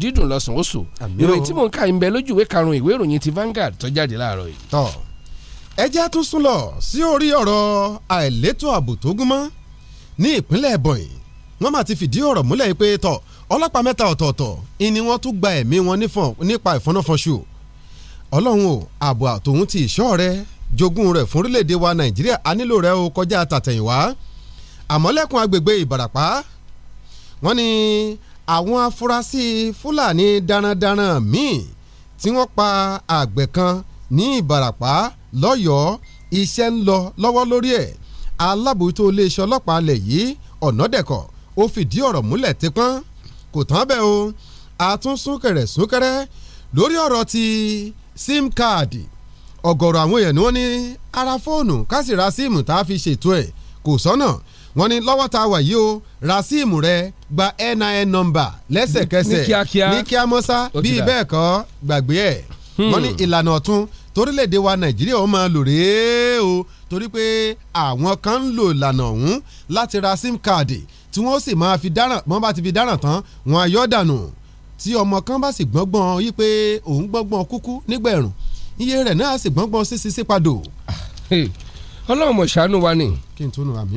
dídùn lọ́sàn ó sò ìròyìn tí mò ń kà ń bẹ lójúwèé karùn-ún ìwé ìròyìn ti Vanguard tó jáde láàárọ̀ yìí. tọ́ ẹ jẹ́ tún sún lọ sí orí ọ̀rọ̀ àìlétò ààbò tó gún mọ́ ní ìpínlẹ̀ Ebonyi wọ́n máa ti fìdí ọ̀rọ̀ múlẹ̀ pé tọ́ ọlọ́pàá mẹ́ta ọ̀tọ̀ọ̀tọ̀ ìní wọ́n tún gba ẹ̀mí wọn nípa ìfọ́náfọ́nṣu ọlọ́run o ààbò àtòhún ti ìṣọ́ rẹ jogún rẹ̀ fún orílẹ̀-èdè wa Nàìjíríà a rẹ o kọjá tàtẹ̀yìnwá àmọ́lẹ́kùn agbègbè ìbàràpá wọ́n ní àwọn afurasí fúlàní darandaran míì tí wọ́n pa àgbẹ̀ kan ní ìbàràpá lọ́yọ̀ọ́ iṣẹ́ ń lọ lọ́wọ́ lórí ẹ̀ alábòójútó iléeṣẹ́ ọlọ́pàá alẹ̀ yìí ọ̀nàdẹ̀kọ̀ ó fìdí ọ̀rọ̀ múlẹ̀ tipọ́n kò tán bẹ́ẹ̀ o àtúnsúnkẹ̀rẹ̀ súnkẹrẹ́ lórí ọ̀rọ̀ ti sim káàdì ọ̀gọ̀rọ̀ àwọn èèyàn ni wọ́n ní ara fóònù kásìra síìmù tá a fi ṣètò ẹ̀ kò sọ́nà wọ́n ní lọ́wọ́ tá a wà yìí o rasim rẹ gba NIN number lẹ́sẹ̀kẹsẹ̀ ní kíákíá ní kíá mọ́sá bíi bẹ́ẹ̀ kọ́ gbàgbé ẹ̀ hmm. wọ́n ní ìlànà ọ̀tún torílẹ̀-èdè wa nàìjíríà ó máa lò rèé o torí pé àwọn kan ń lo ìlànà ọ̀hún láti ra sim káàdì tí wọ́n sì máa fi dáràn wọ́n bá ti fi dáràn tán wọ́n á yọ dànù tí ọmọ kan bá sì gbọ́ngbọ́n yí pé òun gbọ́ngbọ́n kúkú nígbà ẹ̀rùn iye rẹ̀ náà sì gbọ́ngbọ́n sísí sípadò ah, ọlọ́run mọ̀ ṣàánú wa ni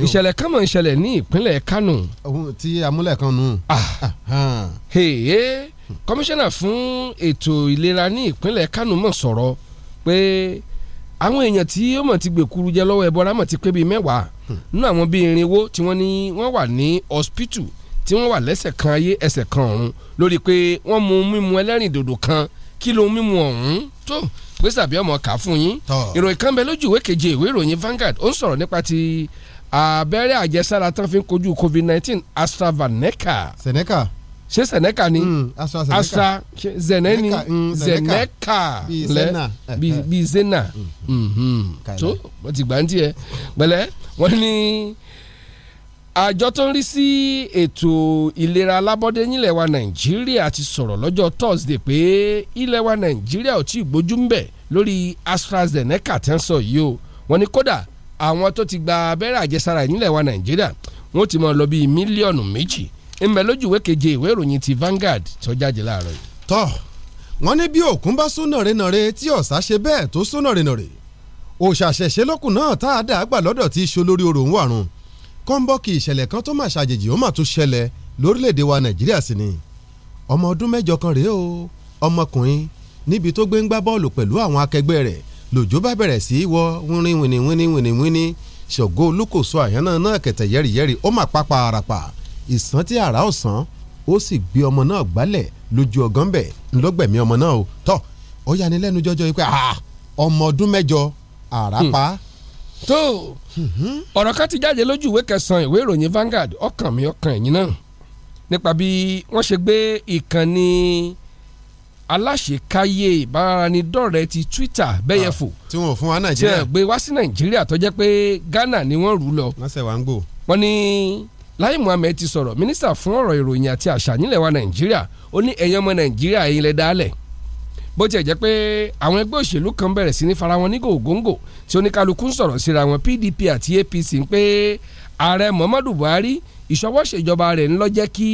ìṣẹ̀lẹ̀ kan mọ̀ ìṣẹ̀lẹ̀ ní ìpínlẹ̀ Kánò. ohun tí amúlẹ̀ kan nù. Ah. kọmíṣánná fún ètò ìlera ní ìpínlẹ̀ Kánò mọ̀ sọ̀rọ̀ pé àwọn èèyàn tí ó mọ̀ ti gbèkuru jẹ lọ́wọ́ ẹ̀bọra mọ̀ ti pé bíi mẹ́wàá nínú àwọn bíi irinwó tí wọ́n wà ní hospital tí wọ́n wà lẹ́sẹ̀ kan ayé ẹsẹ̀ kan ọ̀run lórí pé wọ́n mu mímu ẹlẹ́rìndòdò kan kí ló mímu ọ̀hún tó pé sàbí ọmọ kà fún yín ìròyìn kan bẹ lójú ìwé keje ìwé ìròyìn Vanguard ó ń sọ̀rọ̀ nípa ti abẹ́rẹ́ àjẹsára tán fi ń kojú COVID-19 AstraVeneca. Seneca ṣé Seneca ni hmm, Astra zene ni Zeneca hmm, lẹ Bi Zena tó eh, eh. hmm. wọ́n ti gbà ń tiẹ̀ pẹ̀lẹ́ wọ́n ní àjọ tó ń rí sí ètò ìlera alábọ́dé nílẹ̀ wa nàìjíríà ti sọ̀rọ̀ lọ́jọ́ thursday pé ilẹ̀ wa nàìjíríà ò tí ì gbójú ń bẹ̀ lórí AstraZeneca tẹ́ ń sọ yìí o wọ́n ní kódà àwọn tó ti gba abẹ́rẹ́ àjẹsára nílẹ̀ wa nàìjíríà wọ́n ti mọ̀ lọ bíi mílíọ̀nù méjì ńbẹ lójú ìwé keje ìwé ìròyìn ti Vanguard tó jáde láàárọ̀ yìí. tọ́ wọ́n ní bí òkun bá sún nàrẹ́nàrẹ́ tí ọ̀sà ṣe bẹ́ẹ̀ tó sún nàrẹ́nàrẹ́ òṣàṣẹ̀ṣe náà tá a dà lọ́dọ̀ tí í ṣolórí oròhún àrùn kọ́ńbọ́ọ̀kì ìṣẹ̀lẹ̀ kan tó mà ṣàjèjì ó mà tún ṣẹlẹ̀ lórílẹ̀‐èdè wa nàìjíríà sí ni ọmọ ọdún mẹ́jọ kan rèé o ọmọkùnrin níbi tó gbé ń gbá bọ́ọ̀lù pẹ̀lú àwọn akẹgbẹ́ rẹ̀ lòjó bá bẹ̀rẹ̀ sí í wọ wínrín wínrín wínrín wínrín wínrín ṣògo olúkòso àyànná náà kẹ̀tẹ̀ yẹ́rìyẹ́rì ó mà pápá arapa ìsàn tí àrà ọ̀sán ó sì gbé ọmọ náà gbálẹ̀ lójú ọ̀gán bẹ̀ ńlọgbẹ̀mí ọmọ náà o tọ́ ó yanilẹ́nu jọjọ yìí pé ọmọ ọdún mẹ́jọ àràpá. Hmm tó ọ̀rọ̀ kan ti jáde lójú ìwé kẹsàn-án ìwé ìròyìn Vanguard ọkàn mi ọkàn ẹ̀yin náà nípa bí wọ́n ṣe gbé ìkànnì aláṣekáyé ìbáraẹnidọ́rẹ̀ẹ́ ti Twitter bẹ́yẹ̀fò ah, tí wọ́n fún wa Nàìjíríà tí wọ́n gbé wá sí Nàìjíríà tó jẹ́ pé Ghana ni wọ́n rú lọ. wọ́n sẹ̀ wá ń gbò. wọ́n ní Lai Muhammed ti sọ̀rọ̀ mínísítà fún ọ̀rọ̀ ìròyìn àti àṣà nílẹ̀ wa Nàìjíríà ó ní ẹ̀yin ọmọ Nàìjíríà ẹ̀yin lẹ dálẹ̀ bó tiẹ̀ jẹ́ pé àwọn ẹgbẹ́ òṣèlú kan bẹ̀rẹ̀ sí ní fara wọn ní gògóńgò tí oníkálukú ń sọ̀rọ̀ síra wọn PDP àti APC ń pé ààrẹ Muhammadu Buhari ìṣọwọ́ṣèjọba rẹ̀ ń lọ jẹ́ kí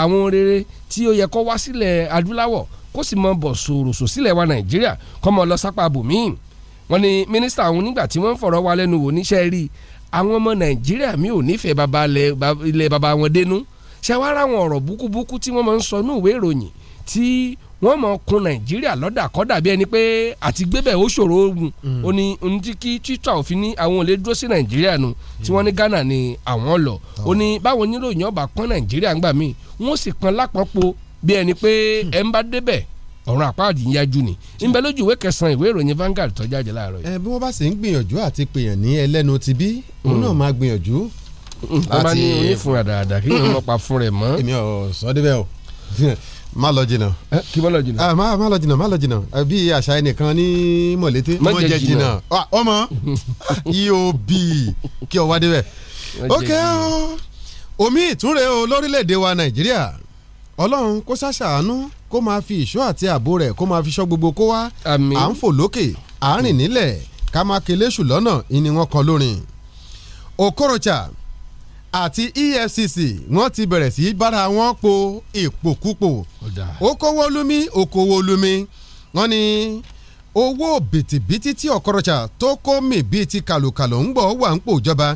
àwọn ohun rere tí ó yẹ kó wá sílẹ̀ adúláwọ̀ kó sì mọ bọ̀ sòròsò sílẹ̀ wa Nàìjíríà kọ́ mọ lọ sápá bòmíì wọ́n ní mínísítà àwọn nígbà tí wọ́n ń fọ̀rọ̀ wa lẹ́nu wò níṣẹ́ rí àwọn ọmọ Nàìjíríà mi ò nífẹ̀ẹ́ baba ilẹ̀ baba wọn dénú ṣe wá ráwọn ọ̀rọ̀ búkúbúkú tí wọ́n máa ń sọ ní ìwé ìròyìn tí wọ́n mọ̀ kun nàìjíríà lọ́dà kọ́dà bí ẹni pé àti gbébẹ̀ ó ṣòro ogun mm. ó ní ní tí kí títà òfin ní àwọn olè dúró sí nàìjíríà nu tí wọ́n ní mm. ghana ni àwọn lọ ah. ó ní báwọn oníròyìn ọba pọ́n nàìjíríà ńgbà míì wọ́n sì pọ́n lápọ́npo bí ẹni pé hmm. ẹ̀ ń bá débẹ̀ ọ̀run àpáàdì ń yájú ni hmm. ń bẹ lójú ìwé kẹsàn-án ìwé ìròyìn Vanguard tó jáde láàárọ̀ yìí. ẹ bí wọ́n bá sì ń gbìyànjú àti pèèyàn ní ẹlẹ́nu ti bí òun hmm. náà máa gbìyànjú. tó bá ní onífun àdàdà kí ni wọ́n pa fún rẹ̀ mọ́. èmi ò sọ débẹ̀ o má lọ jìnnà. kí bọ́ lọ jìnnà. Ah, má má lọ jìnnà má lọ jìnnà eh, bí àṣà ẹnìkan ní mọ̀lété ah, e má jẹ jìnnà ọmọ eob kí ọ wá débẹ̀. ok omi ìtúnrẹ o lórílẹ̀‐èdè wa nàìjíríà ọlọ́run kó ṣàṣàánú kó máa fi ìṣọ́ àti ààbò rẹ̀ kó máa fi ṣọ́ gbogbo kó wá à ń fò lókè à ń rìn nílẹ̀ ká máa kelé ṣù lọ́nà ìní kan lórin Okorocha àti EFCC wọ́n ti bẹ̀rẹ̀ sí í bára wọn po ìpòkúpò okòwò olúmi okòwò olúmi wọ́n ní owó bìtìbìtì tí ọ̀kọ̀rọ̀ṣà tó kó mì bíi ti kàlùkàlù ń bọ̀ wà ń pò jọba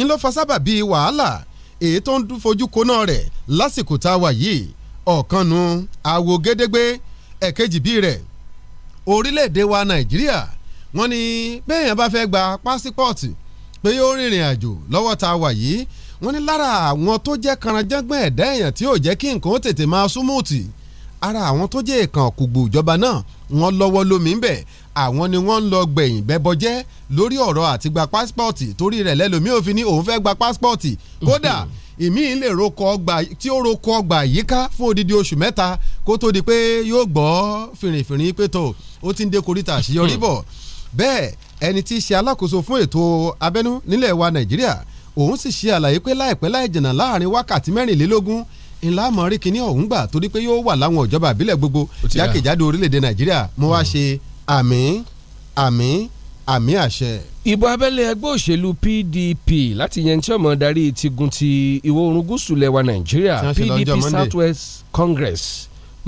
ńlọ fasábà bíi wàhálà èyí tó ń fojú koná rẹ̀ lásìkò tá a wà yìí ọ̀kan nu àwo gédégbé ẹ̀kejì bíi rẹ̀ orílẹ̀-èdè wa nàìjíríà wọ́n ní bẹ́ẹ̀ yẹn bá fẹ́ gba pásípọ̀tì pé yóò rìnrìn àjò lọ́wọ́ tá a wà yìí wọ́n ní lára àwọn tó jẹ́ kanranjẹ́gbọ́n ẹ̀dá èèyàn tí ò jẹ́ kí nǹkan ó tètè máa súnmùtì ara àwọn tó jẹ́ ìkàn òkùgbù ìjọba náà wọ́n lọ́wọ́ lómi ń bẹ̀ àwọn ni wọ́n ń lọ gbẹ̀yìn bẹ́bọjẹ́ lórí ọ̀rọ̀ àti gba pásítọ̀tì torí rẹ̀ lẹ́lòmí òfin ni òun fẹ́ gba pásítọ̀tì kódà ìmí lè roko ọgbà tí ó roko ọgbà yíká fún odidi oṣù mẹ́ta kó tó di pé yóò gbọ́ fìrìfìrì pé tó ó ti ń dé koríta àṣeyọrí hmm. bọ̀ bẹ́ẹ̀ ẹni tí í ṣe alákòóso fún ètò abẹ́nú nílẹ̀ wa Nàìjíríà òun sì ṣe àlàyé pé láìpẹ́ láì jìnnà láàrin wákàtí mẹ́rìnlélógún ńlá mọ̀rí kínní ọ̀hún gbà torí pé yóò wà láwọn ìjọba àbílẹ̀ gbogbo jákèjádò orílẹ̀-èdè nàìjíríà mo wá hmm. ṣe àmín àmín àmì àṣẹ. ìbò abẹ́lé ẹgbẹ́ òṣèlú pdp láti yẹn tí ọmọ darí tigun ti ìwọ̀ oòrùn gúúsù lẹwa nàìjíríà pdp southwest congress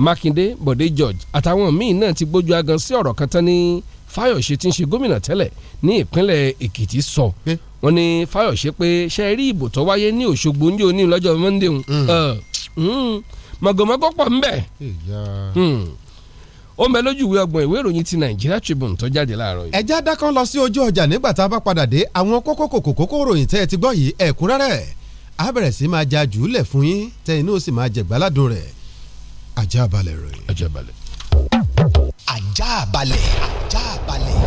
mákindé bọ̀dé george àtàwọn míín náà ti gbójú agan sí ọ̀rọ̀ kan tán ní Fáyọ̀ṣe tí ń ṣe gómìnà tẹ́lẹ̀ ní ìpínlẹ̀ Èkìtì sọ wọ́n ní Fáyọ̀ṣe pé ṣe rí ìbò tó wáyé ní Òṣogbo ní òní lọ́jọ́ Monday mm. mm, mọ̀gòmọ́gò pọ̀ ńbẹ̀ mm. ó ń bẹ lójú ìwé ọgbọ̀n ìwé ìròyìn ti Nigeria Tribune tó jáde láàárọ̀ yìí. ẹja dákan lọ sí ojú ọjà nígbà tá a bá padà dé àwọn kókó kòkó kókó ròyìn tẹ́ ẹ ti gbọ́ yìí ẹ̀kúnrẹ́rẹ́ á bẹ̀rẹ̀ sí máa ja jùúlẹ̀ fún yín tẹ́ inú sì máa jẹ̀gbá ládùn rẹ̀ ajá balẹ̀ ròyìn. ajá balẹ̀. ajá balẹ̀ balẹ̀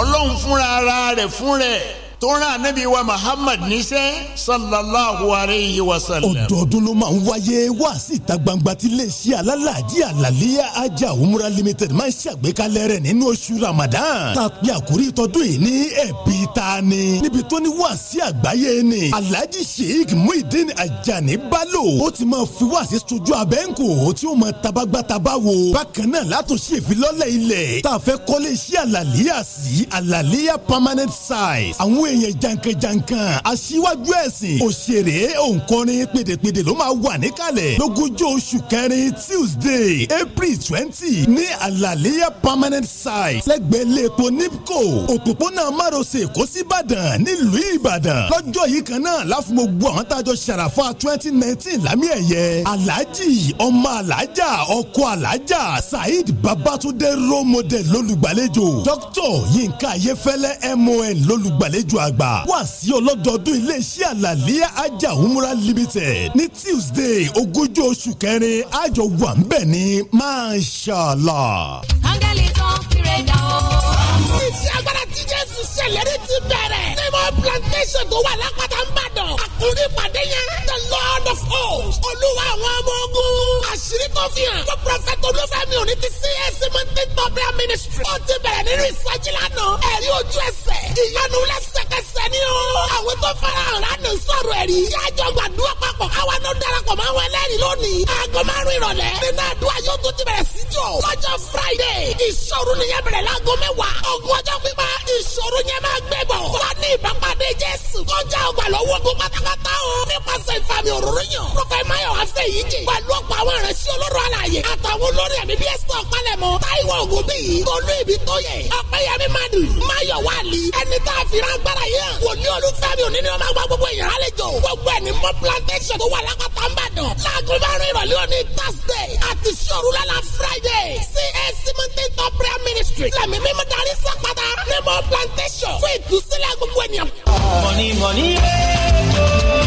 ọlọ́run fúnra ara rẹ̀ fún rẹ̀ tó rán anabi wa muhammad níṣẹ́ sallallahu alayhi wa sallam. ọdọọdún ló máa ń wáyé wá sí ìta gbangba tí iléeṣẹ́ alálàájì àlàlíyà ajá umra limited máa ń ṣàgbékalẹ̀ rẹ̀ nínú oṣù ramadan tá a pè àkórí tọdún yìí ní ẹ̀bí ta ni níbi tó ní wá sí àgbáyé ni alhaji sheikh muhyiddin ajani balo ó ti máa fi wá sí sojú abẹ́ǹkò tí ó máa tabagbátaba wo bákan náà látúnṣe ìfilọ́lẹ̀ ilẹ̀ tá a fẹ́ kọ́lé iṣẹ́ àlàlíyà sí àlàlíyà permanent site àwọn èèyàn jàǹkànjàǹkàn aṣíwájú ẹ̀sìn òṣèré òǹkọrin pèdèpèdè ló máa wà níkàlẹ̀ lógúnjọ́ oṣù kẹrin tuesday april twenty ní àlàléyà permanent site lẹ́gbẹ̀ẹ́ lẹ́pọ̀ nipco òpópónà márosẹ̀ èkó síbàdàn nílùú ìbàdàn lọ́jọ́ yìí kan náà láfún gbogbo àwọn tájọ ṣàràfà twenty nineteen lámì ẹ̀yẹ alhaji ọmọ alhaja ọkọ alhaja saheed babatunde role model lólùgbàlejò dr yinka ayefẹlẹ mon lólùgbàlejò àgbà wá sí ọlọ́dọọdún iléeṣẹ́ àlàlíyà ajá limited ní tuesday ogúnjọ́ oṣù kẹrin àjọ wà ń bẹ̀ ní mashallah. áńgẹ́lì kan kiri ẹja o. iṣẹ́ agbára ti ìṣẹ̀lẹ̀ ti bẹ̀rẹ̀. Rainbow plantation tó wà lápáta ń bàdàn. Àkùnrin pàdé yẹn. The Lord of hosts. Olúwa àwọn ọmọ ogun. Àṣírí tó fi hàn. Fún Prọfẹ̀tì Olúfẹ́mi òní ti CAC Mountain Public Ministry. Ó ti bẹ̀rẹ̀ nínú ìsọjí lánàá. Ẹ̀rí ojú ẹsẹ̀. Ìyanu lẹ́sẹ̀kẹsẹ̀ ni o. Àwọn tó fara hàn lánà sọ̀rọ̀ ẹ̀rí. Yájọ́ gbàdúrà papọ̀ káwa náà darapọ̀ máa wọn ẹlẹ́rìí lónìí. Aago márùn-ún ìrọ̀lẹ́. Nínú àdúrà yóò tún ti bẹ̀rẹ̀ sí Lọ́jọ́ Friday yẹn máa gbẹ̀bọ̀. a ní ìbápadé Jésù. kọjá ọgbà lọ́wọ́ gbọ́ pátákátá o. nípasẹ̀ ìfàmì òróró yàn. rọ́kẹ̀ máyọ̀ pé yìí jì pẹ̀lú ọ̀pọ̀ àwọn ìrẹsì olóró àlàyé àtàwọn olórí ẹ̀mí bíi ẹ̀sítọ̀ palẹ̀mọ́ táìwọ̀ ògùn bíi tolú ibi tó yẹ ọ̀pẹ̀yẹmí madu máyọ̀ wálì ẹni tá a fi rágbára yẹn wòlíì olúfẹ́mi òní ni wọ́n máa gba gbogbo èèyàn àlejò gbogbo ẹ̀ ní plantation tó wà lápáta ń bàdàn láago márùn ìrọ̀lẹ́ òní thursday àti sọ̀rù friday cs mountain prayer ministry lẹ́mí mímú darí sápàtà ní mọ́ plantation fún ìtúsílẹ̀ gbogbo ènìyàn. mọ̀nì mọ̀nì yéé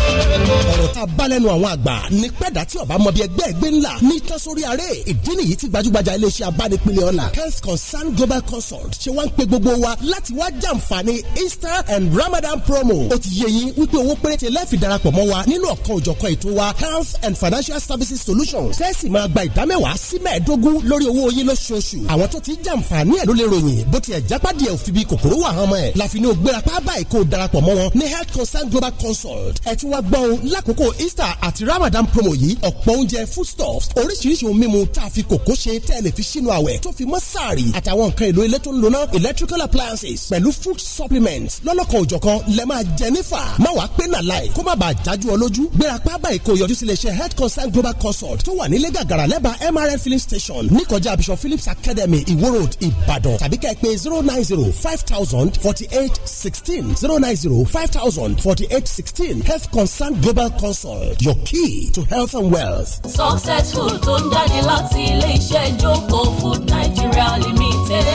abalẹnu àwọn àgbà ní pẹ́ẹ́dá tí ọba mọ bí ẹgbẹ́ ẹgbẹ́ ńlá ní tán sórí aré ìdí nìyí tí gbajúgbajà iléeṣẹ́ abánipínlẹ̀ ọ̀la health concern global consult ṣe wá ń pe gbogbo wa láti wá jàǹfààní easter and ramadan promo ó ti yẹ yín wípé owó péréte lẹ́ẹ̀fì darapọ̀ mọ́ wa nínú ọ̀kan òjọ̀kan ètò wa health and financial services solutions tẹ́sí máa gba ìdámẹ́wàá sí mẹ́ẹ̀ẹ́dógún lórí owó yín lóṣooṣù àwọn tó ti jàǹfààní ẹ̀ ló lè ròyìn bó tiẹ̀ jápádìẹ̀ òfin bíi kòkòrò wà hàn mọ́ ẹ̀ láfi ní o gbéra pábáyé kó darapọ̀ mọ́ wọn ní health concern global consult ẹ̀ tí wá gbọ́ lákòókò àkókò Easter àti Ramadan promo yìí ọ̀pọ̀ oúnjẹ foodstuffs oríṣiríṣi ohun mímu tá a fi kòkó ṣe tẹ́lẹ̀ fi sínú àwẹ̀ tó fi mọ́ sáàrì àtàwọn nǹkan èlò ilé tó ń lona electrical appliances pẹ̀lú food supplements lọ́lọ́kan òjọ̀kan lẹ máa jẹ nífà má wàá pé nàlá ẹ̀ kó má bàa jájú ọ lójú gbéra pábà èkó yọjú sílé iṣẹ́ health concern global consult tó wà nílé gàgàrà lẹ́ba MRN filling station níkọjá Bishop Phillips Academy Iwo Road Ibadan. tàbí kẹ́ ẹ pé zero nine zero five thousand forty eight sixteen zero nine zero five thousand forty eight sixteen health concern global consult consult your key to health and wealth. successful tó ń jáde láti ilé-iṣẹ́ ìjókòó food Nigeria limited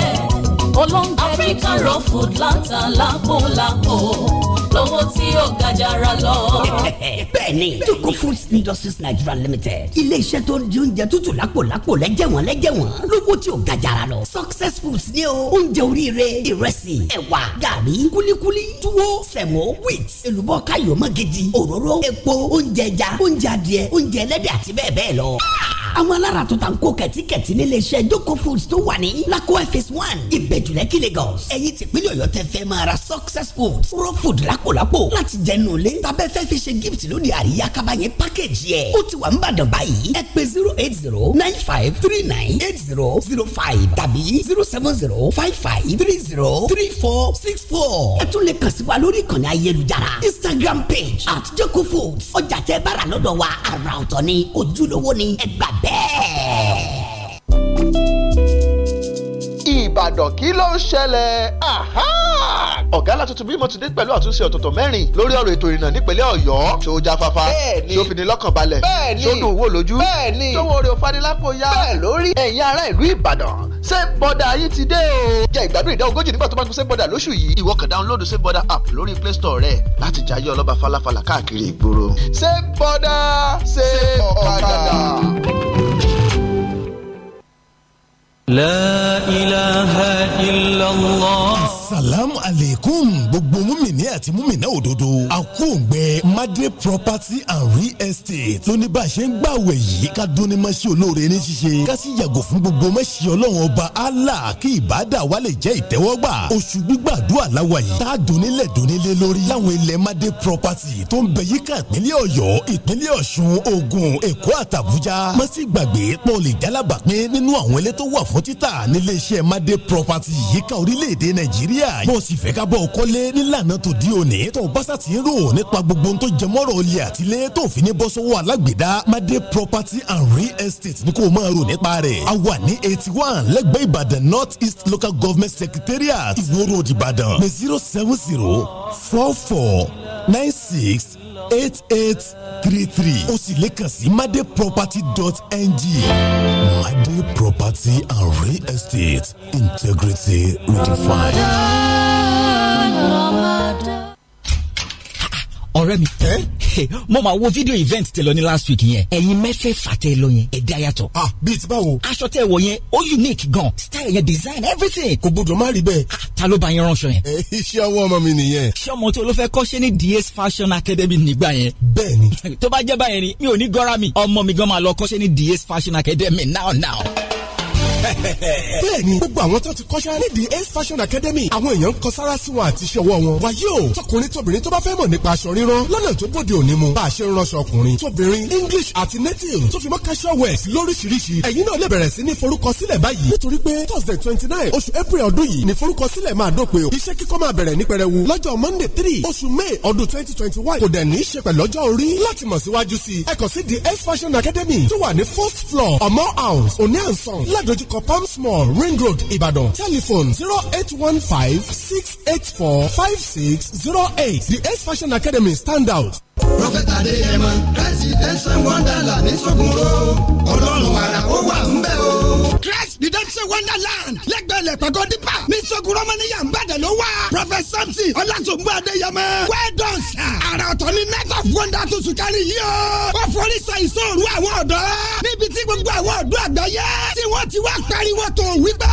olóńgbé African raw food lantan lápòlápò lówó tí ó ga jara lọ. bẹ́ẹ̀ni joko food industries nigeria limited iléeṣẹ́ tó ń di oúnjẹ tútù lápòlápò lẹ́jẹ̀wọ̀n lẹ́jẹ̀wọ̀n lówó tí ó ga jara lọ. success foods ni o oúnjẹ oríire ìrẹsì ẹ̀wà gàrí kúlíkúlí túwó sẹ̀mó wheat èlùbọ́ káyọ̀ mọ́gidi òróró epo oúnjẹ ẹja oúnjẹ adìẹ oúnjẹ ẹlẹ́dẹ̀ àti bẹ́ẹ̀ bẹ́ẹ̀ lọ. àwọn alára tó ta ń kó kẹ̀tíkẹ̀tí nílé iṣẹ́ joko foods tó wà ní lako fs one ìbẹ̀jùlẹ̀kì lagos ẹ̀yin tìpínlẹ̀ ọ̀yọ́ tẹ fẹ́ máa ra success food raw food lápòlápò láti jẹnu lé tàbẹ́ fẹ́ fi ṣe gift lónìí àríyá kaba yẹn package yẹ ó ti wà ń bàdàn báyìí ẹ pè zero eight zero nine five three nine eight zero zero five tàbí zero seven zero five five three zero three four six four ẹ tún lè kàn sí wa lórí ìkànnì ayélujára instagram page at joko foods ọjà tẹ bára lọ́dọ̀ wa àrà ọ̀tọ̀ ni ojúlówó ni ẹ gbà bẹ́ẹ̀. ìbàdàn kí ló ń ṣẹlẹ̀ aha ọ̀gá alátuntun bímọ ti dé pẹ̀lú àtúnṣe ọ̀tọ̀tọ̀ mẹ́rin lórí ọ̀rọ̀ ètò ìrìnnà nípínlẹ̀ ọ̀yọ́ ṣó jáfáfá ṣó fini lọ́kàn balẹ̀ ṣó dùn wò lójú ṣó wo orí òfanilápò ya bẹ́ẹ̀ lórí ẹ̀yin ará ìlú ìbàdàn ṣé bọ́dà yín ti dé o. jẹ́ ìgbádùn ìdá ogójì nígbà tó bá ń ṣe bọ́dà lóṣù yìí ìwọ kàn dáńlódù ṣé border app lórí play store rẹ láti jayé ọlọ́ba falafala káàkiri ìgboro. ṣé bọ́dà ṣé ọ̀kadà. La ilaha illallah salamu aleykum gbogbo múmìnì àti múmìnà òdodo àkóǹgbẹ madre property and real estate tó ní bá a ṣe ń gbàwẹ̀ yìí ká dúnni máa ṣe olóore ní ṣíṣe ká sì yàgò fún gbogbo mẹ́sì ọlọ́run ọba allah kí ìbádà wa lè jẹ́ ìtẹ́wọ́gbà oṣù gbígbàdúrà láwa yìí tá a dùnnílẹ̀ dùnnílẹ̀ lórí láwọn ilẹ̀ madre property tó ń bẹ yíká ìpínlẹ̀ ọ̀yọ́ ìpínlẹ̀ ọ̀ṣun ògùn èkó àtàbújá má sì gbàgbé pọ́ọ̀lì jálábàpín nínú àwọn ilé tó wà fún títà níléeṣẹ́ madre property yíká orílẹ̀-èdè nàìjíríà nàìjíríà bó o sì fẹ́ ká bọ̀ kọ́lé nílànà tó di òní tó bá sàtì ń rò nípa gbogbo tó jẹ mọ́rọ̀ olè àtìlé tó fi ní bọ́ sọ́wọ́ alágbèédá Made Property and Real Estate ní kò máa rò nípa rẹ̀ a wà ní eighty one lẹ́gbẹ̀ẹ́ Ìbàdàn North East Local Government Secretariat Ìwó Road Ìbàdàn ní zero seven zero four four nine six eight eight three three o sì lè kàn sí madeproperty.ng made property and real estate integrity redefined ọ̀rẹ́ mi mo máa wo video event tẹ lọ ní last week yẹn ẹ̀yin mẹ́fẹ̀ẹ̀fà tẹ lọ yẹn ẹ̀dá yàtọ̀. ah bíi ti báwo. aṣọ tẹ wọ yẹn ó unique gan style yẹn design everything. kò gbọdọ̀ má rí bẹ́ẹ̀. Ah, ta ló bá yín ránṣọ yẹn. iṣẹ́ ọwọ́ ọmọ mi nìyẹn. ṣé tó ló fẹ́ kọ́ṣẹ́ ní DS Fashion Academy nígbà yẹn. bẹ́ẹ̀ni. tó bá jẹ́ báyẹn ni mi ò ní gọ́ra mi ọmọ mi gan máa lọ kọ́ṣẹ́ ní DS Fashion Academy now now. bẹ́ẹ̀ni gbogbo àwọn tó ti kọ́ṣẹ́ nídìí ace fashion academy àwọn èèyàn ń kọ sára sí wọn àti iṣẹ́ ọwọ́ wọn wàyí o tọkùnrin tóbìnrin tó bá fẹ́ mọ̀ nípa aṣọ rírán lọ́nà tó bóde òní mu bá a ṣe ń ránṣọ ọkùnrin tóbìnrin english àti native tó fi mọ́ casual wears lóríṣiríṣi ẹ̀yin náà lè bẹ̀rẹ̀ sí ní forúkọsílẹ̀ báyìí nítorí pé thursday twenty nine oṣù april ọdún yìí ní forúkọsílẹ̀ máa dópin o iṣẹ́ kíkọ́ máa bẹ̀rẹ̀ ní pẹrẹwu lọ́jọ́ monday three oṣù may ọdún twenty twenty one kò dẹ̀ ní í ṣe pẹ̀lú ọjọ́ orí láti mọ̀ síwájú sí ẹ sí the X fashion academy tó wà ní first floor ọmọ house òní ànsán ládojúk Copams Mall Ring Road Ibadan. Telephone zero eight eight one five five six four six zero eight. The S Fashion Academy stand out prọfẹ̀tà adéyẹmọ presidential wonderland ní sọ́gunró ọlọ́run àrà ó wà ń bẹ̀ o. christ redemption wonderland lẹ́gbẹ̀ẹ́ lẹ́pẹ̀gọ́ dípà ní sọ́gunró mọ́ níyà ń bàdẹ̀ ló wà. prophet samson ọlásùnmọ́ adéyẹmọ well done sir. àrà ọ̀tọ̀ ni night of wonder tó sùn kárí yìí o. ó forí sọ ìṣòro àwọn ọ̀dọ́ níbi tí gbogbo àwọn ọ̀dọ́ àgbáyé tí wọ́n ti wá pariwo tó wípé